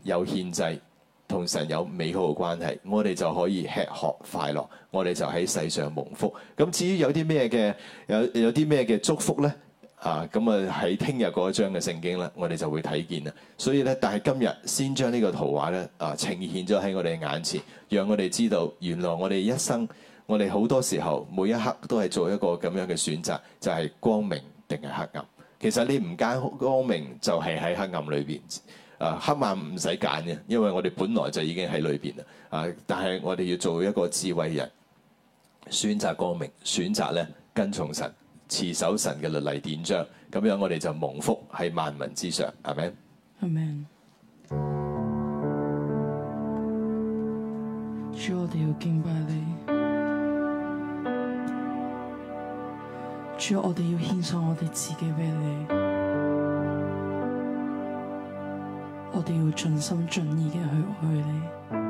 有獻祭同神有美好嘅關係，我哋就可以吃喝快樂，我哋就喺世上蒙福。咁至於有啲咩嘅，有有啲咩嘅祝福呢？啊，咁啊喺聽日嗰一章嘅聖經咧，我哋就會睇見啦。所以咧，但係今日先將呢個圖畫咧啊呈現咗喺我哋眼前，讓我哋知道原來我哋一生，我哋好多時候每一刻都係做一個咁樣嘅選擇，就係、是、光明定係黑暗。其實你唔揀光明就係喺黑暗裏邊，啊、呃、黑暗唔使揀嘅，因為我哋本來就已經喺裏邊啦。啊，但係我哋要做一個智慧人，選擇光明，選擇咧跟從神。持守神嘅律例典章，咁樣我哋就蒙福喺萬民之上，係咪？Amen。主，我哋要敬拜你。主，我哋要獻上我哋自己俾你。我哋要盡心盡意嘅去愛你。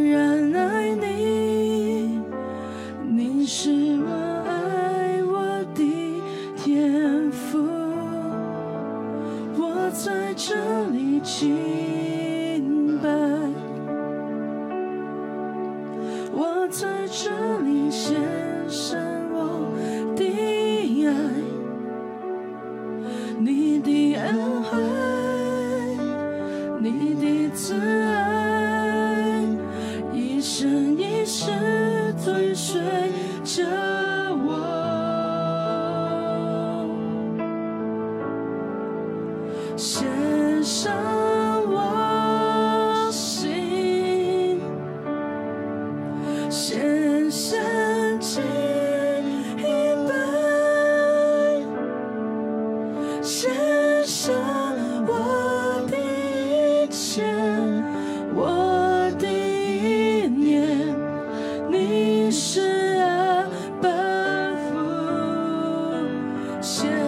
是。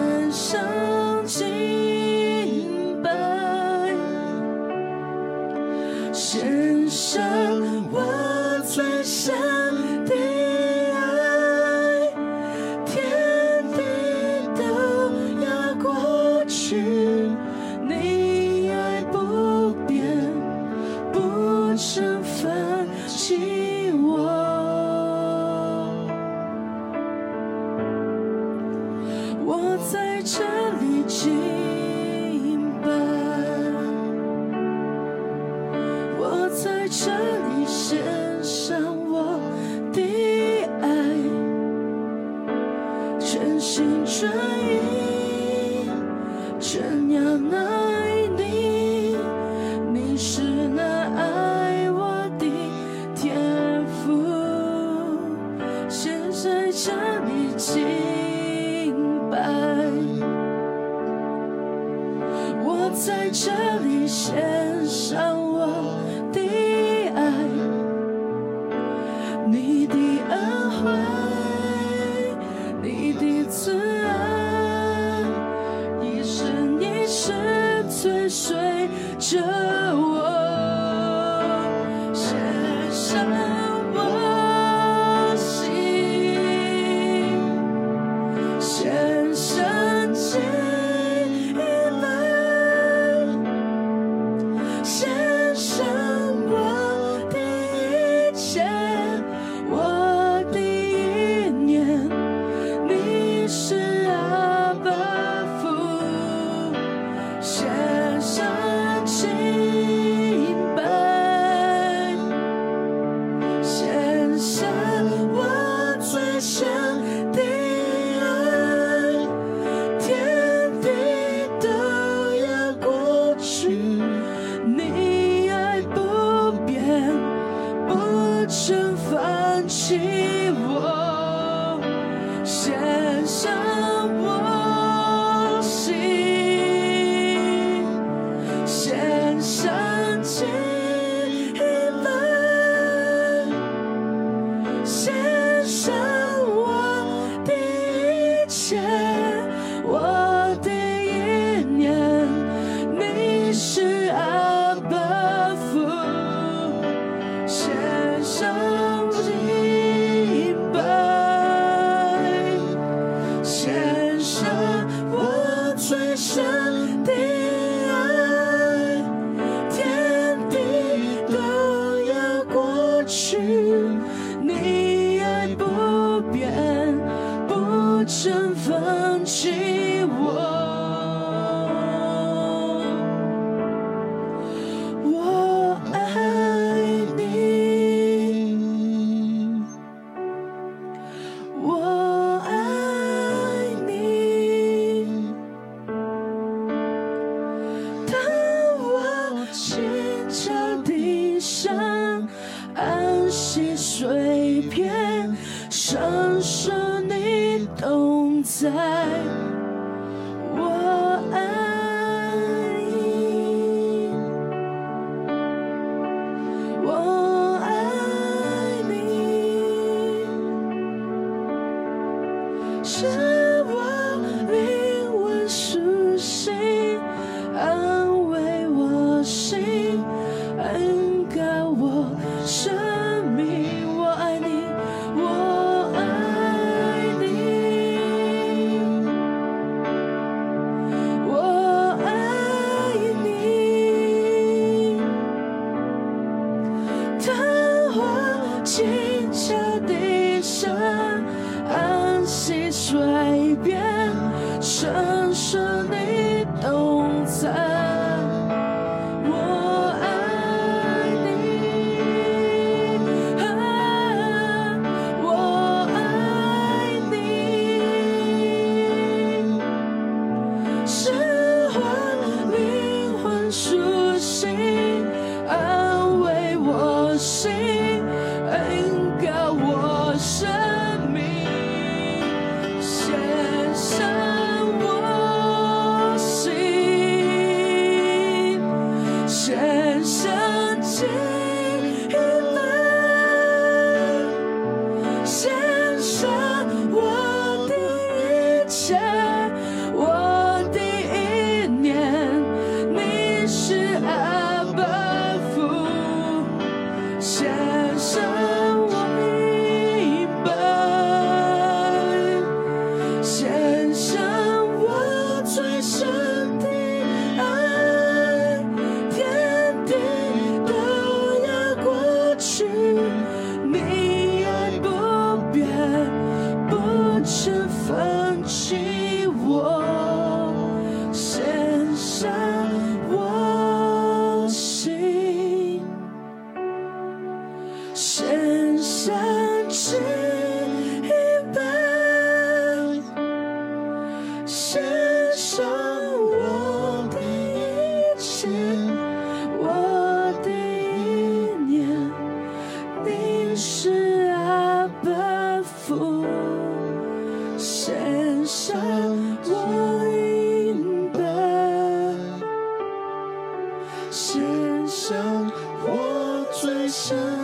獻上，我最深。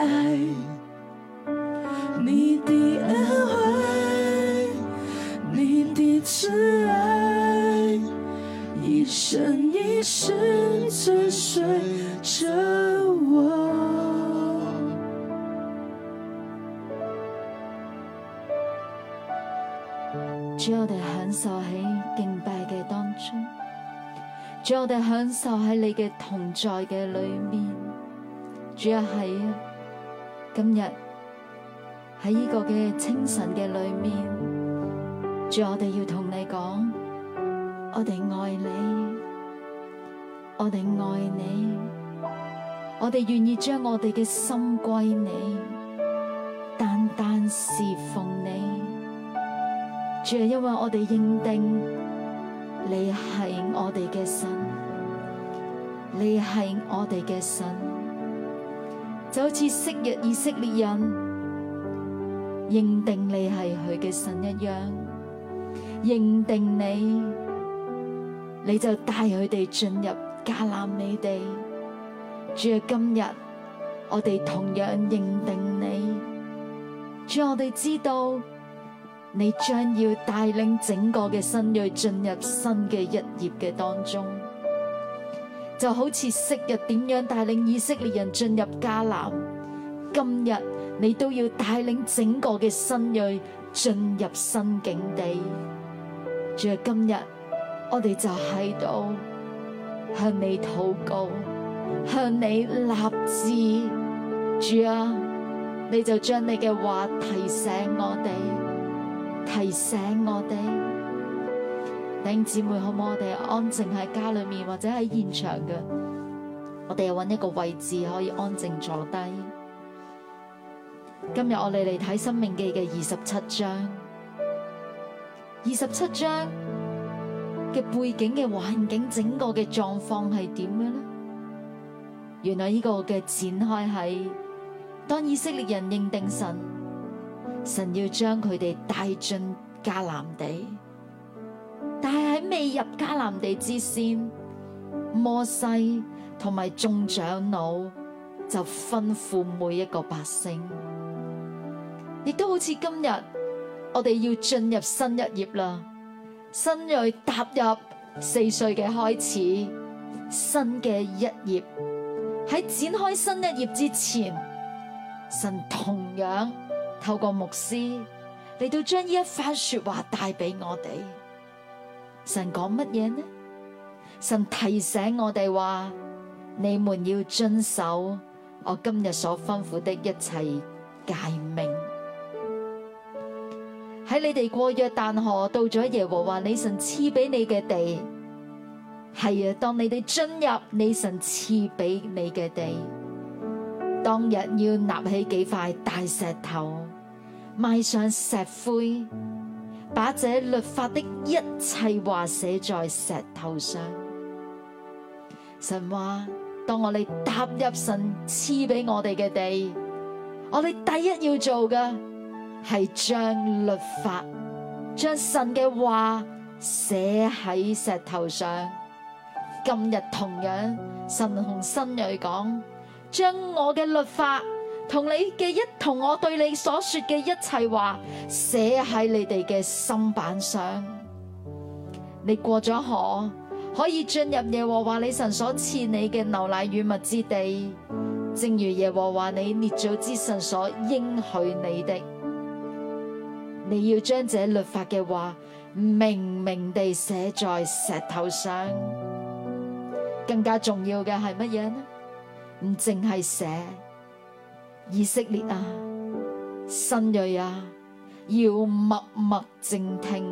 愛你，的你的愛，一生一世，着 我主要我哋享受喺敬拜嘅當中，主要我哋享受喺你嘅同在嘅裏面，主要係今日喺呢個嘅清晨嘅裏面，主，我哋要同你講，我哋愛你，我哋愛你，我哋願意將我哋嘅心歸你，單單侍奉你。仲係因為我哋認定你係我哋嘅神，你係我哋嘅神。就好似昔日以色列人認定你係佢嘅神一樣，認定你，你就帶佢哋進入迦南美地。主啊，今日我哋同樣認定你，主，我哋知道你將要帶領整個嘅新銳進入新嘅一頁嘅當中。就好似昔日點樣帶領以色列人進入迦南，今日你都要帶領整個嘅新銳進入新境地。主啊，今日我哋就喺度向你禱告，向你立志，主啊，你就將你嘅話提醒我哋，提醒我哋。弟兄姊妹，可唔可以我哋安靜喺家裏面，或者喺現場嘅？我哋又揾一個位置可以安靜坐低。今日我哋嚟睇《申命記》嘅二十七章。二十七章嘅背景嘅環境，整個嘅狀況係點樣呢？原來呢個嘅展開係當以色列人認定神，神要將佢哋帶進迦南地。但係喺未入迦南地之先，摩西同埋眾長老就吩咐每一個百姓，亦都好似今日我哋要進入新一頁啦。新銳踏入四歲嘅開始，新嘅一頁。喺展開新一頁之前，神同樣透過牧師嚟到將呢一番說話帶俾我哋。神講乜嘢呢？神提醒我哋話：你們要遵守我今日所吩咐的一切誡命。喺你哋過約旦河到咗耶和華你神賜俾你嘅地，係啊，當你哋進入你神賜俾你嘅地，當日要立起幾塊大石頭，埋上石灰。把這律法的一切話寫在石頭上。神話，當我哋踏入神賜俾我哋嘅地，我哋第一要做嘅係將律法、將神嘅話寫喺石頭上。今日同樣，神同新蕊講，將我嘅律法。同你嘅一同我對你所說嘅一切話寫喺你哋嘅心板上。你過咗河，可以進入耶和華你神所賜你嘅牛奶與蜜之地，正如耶和華你列祖之神所應許你的。你要將這律法嘅話明明地寫在石頭上。更加重要嘅係乜嘢呢？唔淨係寫。以色列啊，新蕊啊，要默默靜聽。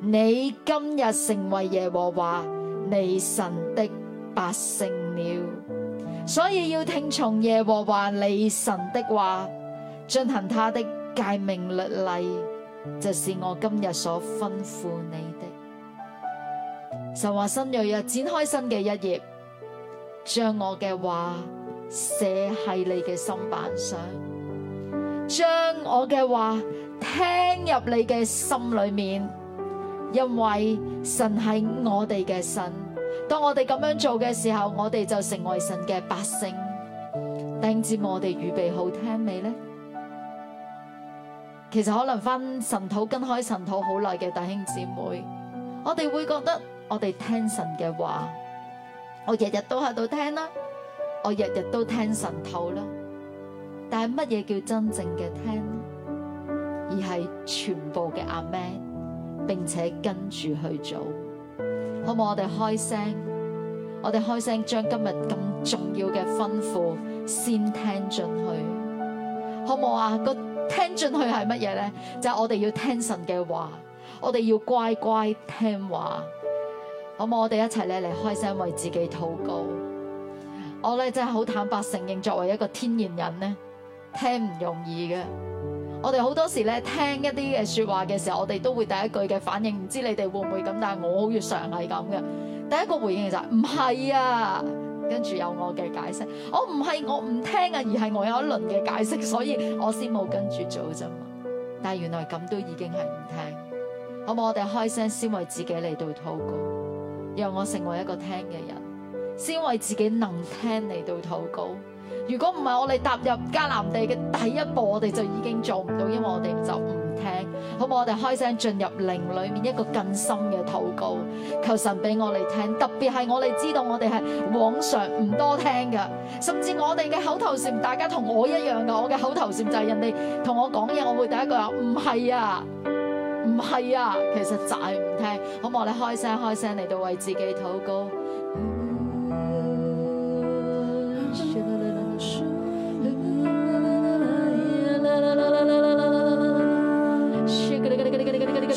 你今日成為耶和華你神的百姓了，所以要聽從耶和華你神的話，遵行他的誡命律例，就是我今日所吩咐你的。神話新蕊啊，展開新嘅一頁，將我嘅話。寫喺你嘅心板上，將我嘅話聽入你嘅心裏面，因為神係我哋嘅神。當我哋咁樣做嘅時候，我哋就成為神嘅百姓。弟兄姊妹，我哋預備好聽未咧？其實可能翻神土跟開神土好耐嘅弟兄姊妹，我哋會覺得我哋聽神嘅話，我日日都喺度聽啦。我日日都聽神透啦，但係乜嘢叫真正嘅聽？而係全部嘅阿們，並且跟住去做，好唔好我？我哋開聲，我哋開聲，將今日咁重要嘅吩咐先聽進去，好唔好啊？個聽進去係乜嘢咧？就係、是、我哋要聽神嘅話，我哋要乖乖聽話，好唔好？我哋一齊咧嚟開聲為自己禱告。我咧真係好坦白承認，作為一個天然人咧，聽唔容易嘅。我哋好多時咧聽一啲嘅說話嘅時候，我哋都會第一句嘅反應，唔知你哋會唔會咁，但係我好通常係咁嘅。第一個回應就係唔係啊，跟住有我嘅解釋，我唔係我唔聽啊，而係我有一輪嘅解釋，所以我先冇跟住做啫嘛。但係原來咁都已經係唔聽，好唔好？我哋開聲先為自己嚟到禱告，讓我成為一個聽嘅人。先為自己能聽嚟到禱告。如果唔係，我哋踏入迦南地嘅第一步，我哋就已經做唔到，因為我哋就唔聽。好冇？我哋開聲進入靈裏面一個更深嘅禱告，求神俾我哋聽。特別係我哋知道我哋係往常唔多聽㗎，甚至我哋嘅口頭禪，大家同我一樣噶。我嘅口頭禪就係人哋同我講嘢，我會第一句話唔係啊，唔係啊，其實就係唔聽。好冇？我哋開聲開聲嚟到為自己禱告。嗯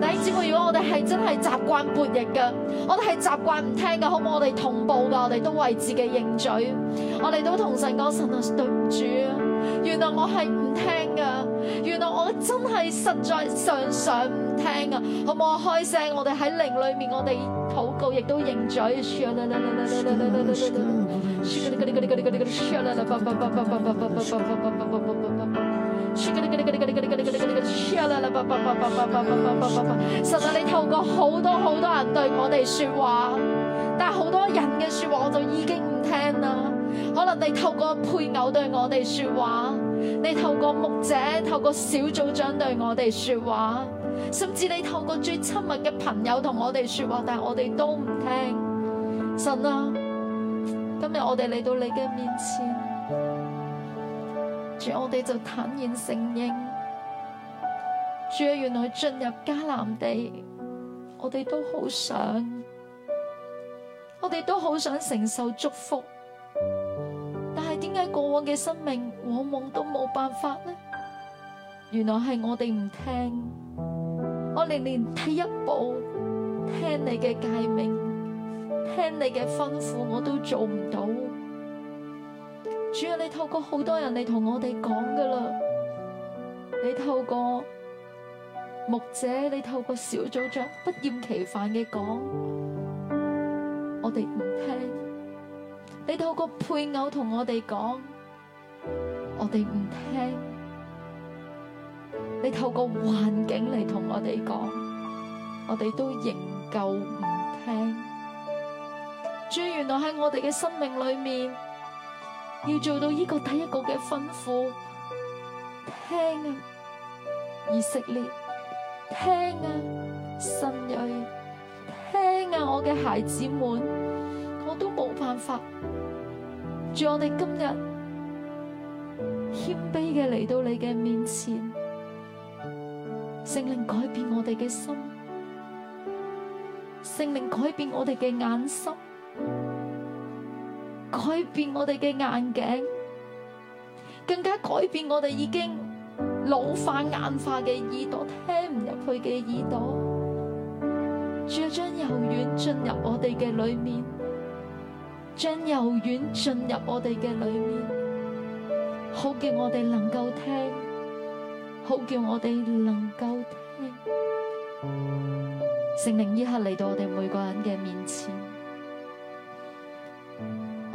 弟兄姊妹，如果我哋係真係習慣叛逆嘅，我哋係習慣唔聽嘅，好唔好？我哋同步噶，我哋都為自己認罪，我哋都同神講：神啊，對唔住啊！原來我係唔聽噶，原來我真係實在常常唔聽噶，好唔好？開聲，我哋喺靈裏面，我哋禱告亦都認罪。 啦啦啦！神啊，你透過好多好多人對我哋說話，但係好多人嘅說話我就已經唔聽啦。可能你透過配偶對我哋說話，你透過牧者、透過小組長對我哋說話，甚至你透過最親密嘅朋友同我哋說話，但係我哋都唔聽。神啊，今日我哋嚟到你嘅面前。跟住我哋就坦然承認，主啊，原來進入迦南地，我哋都好想，我哋都好想承受祝福，但係點解過往嘅生命往往都冇辦法呢？原來係我哋唔聽，我連連第一步聽你嘅誡命，聽你嘅吩咐，我都做唔到。主啊，你透過好多人嚟同我哋講㗎喇，你透過牧者，你透過小組長不厭其煩嘅講，我哋唔聽；你透過配偶同我哋講，我哋唔聽；你透過環境嚟同我哋講，我哋都仍舊唔聽。主，原來喺我哋嘅生命裏面。要做到呢個第一個嘅吩咐，聽啊，以色列，聽啊，神裔，聽啊，我嘅孩子們，我都冇辦法。祝我哋今日謙卑嘅嚟到你嘅面前，聖靈改變我哋嘅心，聖靈改變我哋嘅眼神。改變我哋嘅眼鏡，更加改變我哋已經老化硬化嘅耳朵，聽唔入去嘅耳朵。仲要將柔軟進入我哋嘅裏面，將柔軟進入我哋嘅裏面，好叫我哋能夠聽，好叫我哋能夠聽。聖靈依一刻嚟到我哋每個人嘅面前。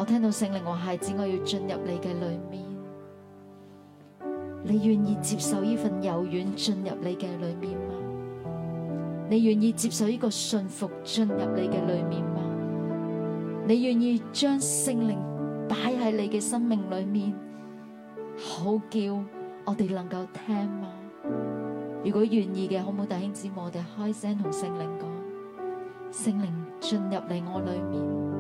我聽到聖靈話，孩子，我要進入你嘅裏面。你願意接受呢份柔軟進入你嘅裏面嗎？你願意接受呢個順服進入你嘅裏面嗎？你願意將聖靈擺喺你嘅生命裏面，好叫我哋能夠聽嗎？如果願意嘅，好唔好，弟兄姊妹，我哋開聲同聖靈講，聖靈進入嚟我裏面。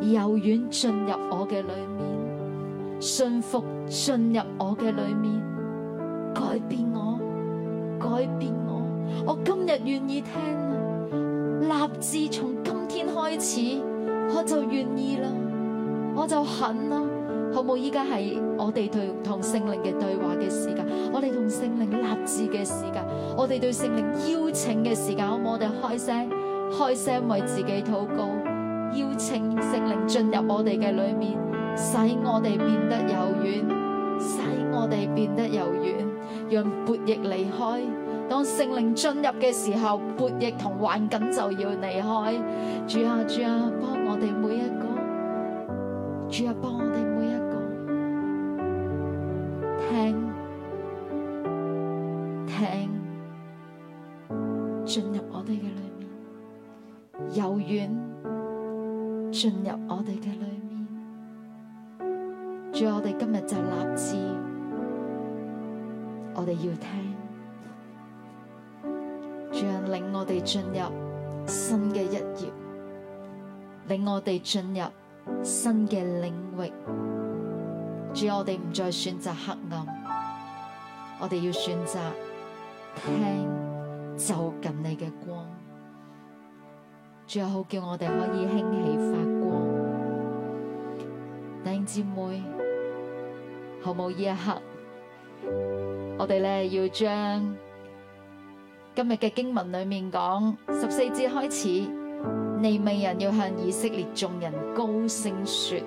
柔軟進入我嘅裏面，信服進入我嘅裏面，改變我，改變我。我今日願意聽，啊，立志從今天開始，我就願意啦，我就肯啦，好唔好？依家係我哋對同聖靈嘅對話嘅時間，我哋同聖靈立志嘅時間，我哋對聖靈邀請嘅時間，好冇？我哋開聲，開聲為自己禱告。邀請聖靈進入我哋嘅裏面，使我哋變得柔軟，使我哋變得柔軟，讓悖逆離開。當聖靈進入嘅時候，悖逆同環境就要離開。主啊主啊，幫我哋每一個，主啊幫。進入我哋嘅裏面，主，我哋今日就立志，我哋要聽，主引領我哋進入新嘅一頁，領我哋進入新嘅領域，主，我哋唔再選擇黑暗，我哋要選擇聽就近你嘅光。最好叫我哋可以興起發光，弟兄姐妹，好冇？呢一刻，我哋咧要將今日嘅經文裏面講十四節開始，利未人要向以色列眾人高聲說，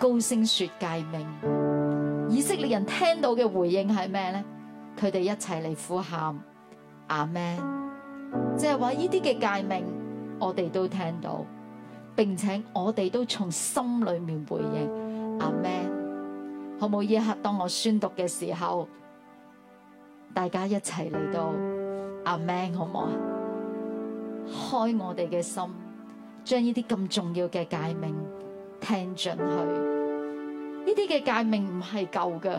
高聲說誡命。以色列人聽到嘅回應係咩咧？佢哋一齊嚟呼喊阿門。即係話呢啲嘅誡命我哋都聽到，並且我哋都從心裏面回應阿 men 好唔好？一刻當我宣讀嘅時候，大家一齊嚟到阿 men 好唔好啊？開我哋嘅心，將呢啲咁重要嘅誡命聽進去。呢啲嘅誡命唔係舊噶，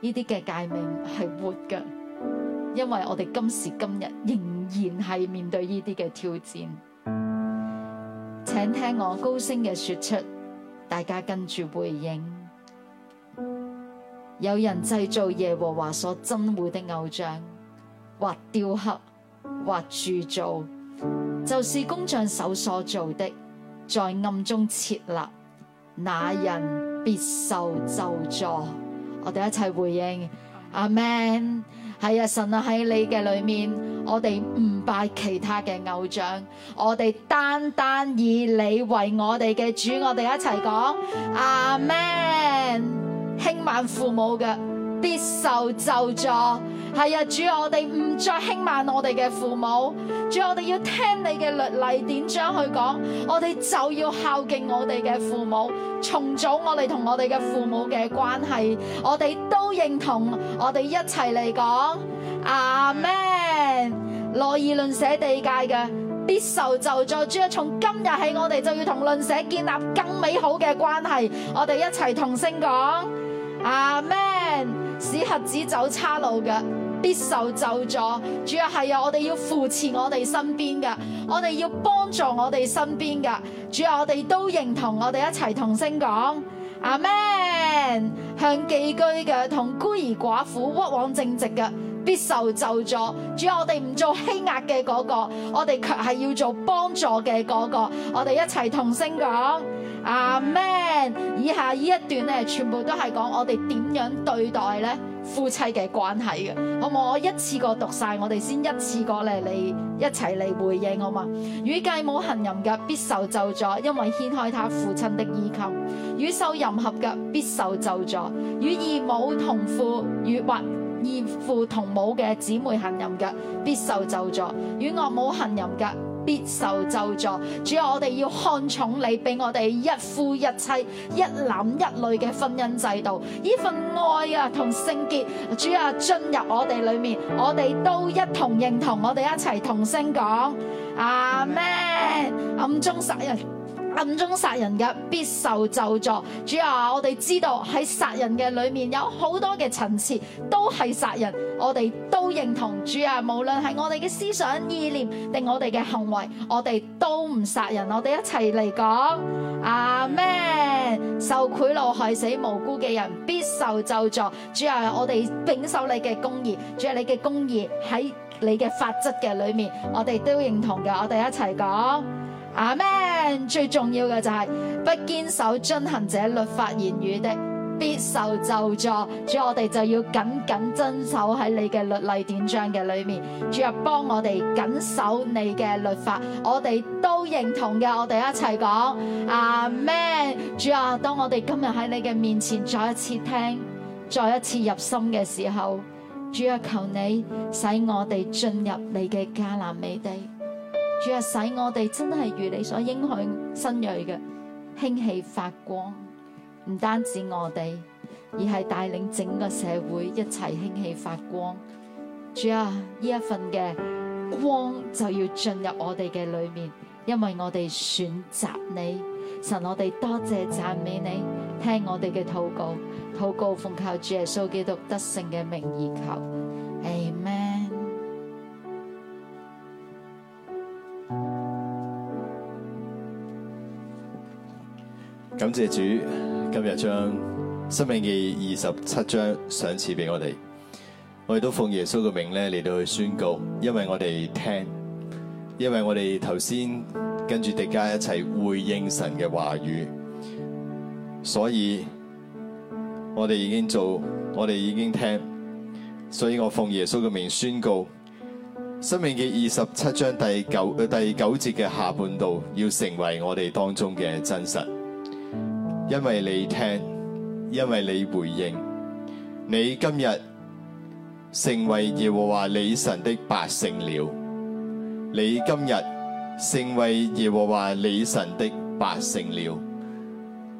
呢啲嘅誡命係活噶。因為我哋今時今日仍然係面對呢啲嘅挑戰，請聽我高聲嘅說出，大家跟住回應。 有人製造耶和，和華所憎惡的偶像，或雕刻，或鑄造，就是工匠手所做的，在暗中設立，那人必受咒詛。我哋一齊回應，阿門。係啊、哎，神啊喺你嘅裏面，我哋唔拜其他嘅偶像，我哋單單以你為我哋嘅主，我哋一齊講，阿們。輕慢父母嘅必受咒詛。」係啊，主啊，我哋唔再輕慢我哋嘅父母。主啊，我哋要聽你嘅律例點樣去講，我哋就要孝敬我哋嘅父母，重組我哋同我哋嘅父母嘅關係。我哋都認同，我哋一齊嚟講，阿們。挪移鄰舍地界嘅，必受咒詛。主要從今日起，我哋就要同鄰舍建立更美好嘅關係。我哋一齊同聲講，阿們。使瞎子走差路嘅。必受咒詛，主要係啊！我哋要扶持我哋身邊嘅，我哋要幫助我哋身邊嘅，主要我哋都認同，我哋一齊同聲講，阿們，向寄居嘅同孤兒寡婦屈枉正直嘅，必受咒詛。」主要我哋唔做欺壓嘅嗰個，我哋卻係要做幫助嘅嗰個，我哋一齊同聲講，阿們，以下呢一段咧，全部都係講我哋點樣對待呢。」夫妻嘅關係嘅，好冇？我一次過讀晒，我哋先一次過嚟，一齊嚟回應好嘛？與繼母行淫嘅，必受咒詛，因為掀開他父親的衣襟；與獸淫合嘅，必受咒詛；與異母同父，與或異父同母嘅姊妹行淫嘅，必受咒詛；與岳母行淫嘅。必受咒詛，主要我哋要看重你俾我哋一夫一妻、一男一女嘅婚姻制度，呢份愛啊同聖潔，主要進入我哋裏面，我哋都一同認同，我哋一齊同聲講阿門，暗中殺人。暗中殺人嘅必受咒詛。主啊！我哋知道喺殺人嘅裏面有好多嘅層次都係殺人，我哋都認同。主啊，無論係我哋嘅思想意念定我哋嘅行為，我哋都唔殺人。我哋一齊嚟講啊，阿門。受賄賂害死無辜嘅人必受咒詛。主啊，我哋秉受你嘅公義，主啊，你嘅公義喺你嘅法則嘅裏面，我哋都認同嘅。我哋一齊講。阿 man 最重要嘅就係不堅守遵行這律法言語的，必受咒詛，主我哋就要緊緊遵守喺你嘅律例典章嘅裏面。主啊，幫我哋緊守你嘅律法，我哋都認同嘅。我哋一齊講阿 man。主啊，當我哋今日喺你嘅面前再一次聽，再一次入心嘅時候，主啊，求你使我哋進入你嘅迦南美地。主啊，使我哋真係如你所應許新銳嘅興起發光，唔單止我哋，而係帶領整個社會一齊興起發光。主啊，呢一份嘅光就要進入我哋嘅裏面，因為我哋選擇你，神，我哋多謝讚美你，聽我哋嘅禱告，禱告奉靠主耶穌基督得勝嘅名義求。感謝主，今日將申命記二十七章賞賜俾我哋。我哋都奉耶穌嘅名咧嚟到去宣告，因為我哋聽，因為我哋頭先跟住迪迦一齊回應神嘅話語，所以我哋已經做，我哋已經聽，所以我奉耶穌嘅名宣告申命記二十七章第九第九節嘅下半段，要成為我哋當中嘅真實。因為你聽，因為你回應，你今日成為耶和華你神的百姓了。你今日成為耶和華你神的百姓了。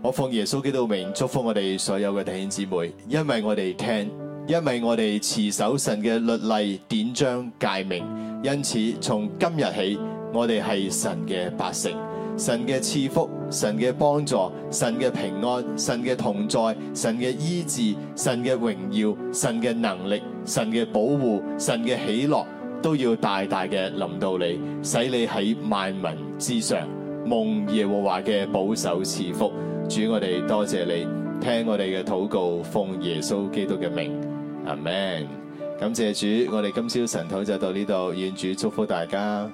我奉耶穌基督的名祝福我哋所有嘅弟兄姊妹，因為我哋聽，因為我哋持守神嘅律例、典章、誡命，因此從今日起，我哋係神嘅百姓。神嘅賜福、神嘅幫助、神嘅平安、神嘅同在、神嘅醫治、神嘅榮耀、神嘅能力、神嘅保護、神嘅喜樂，都要大大嘅臨到你，使你喺萬民之上。蒙耶和華嘅保守賜福。主，我哋多謝你聽我哋嘅禱告，奉耶穌基督嘅名，阿門。感謝主，我哋今朝神台就到呢度，願主祝福大家。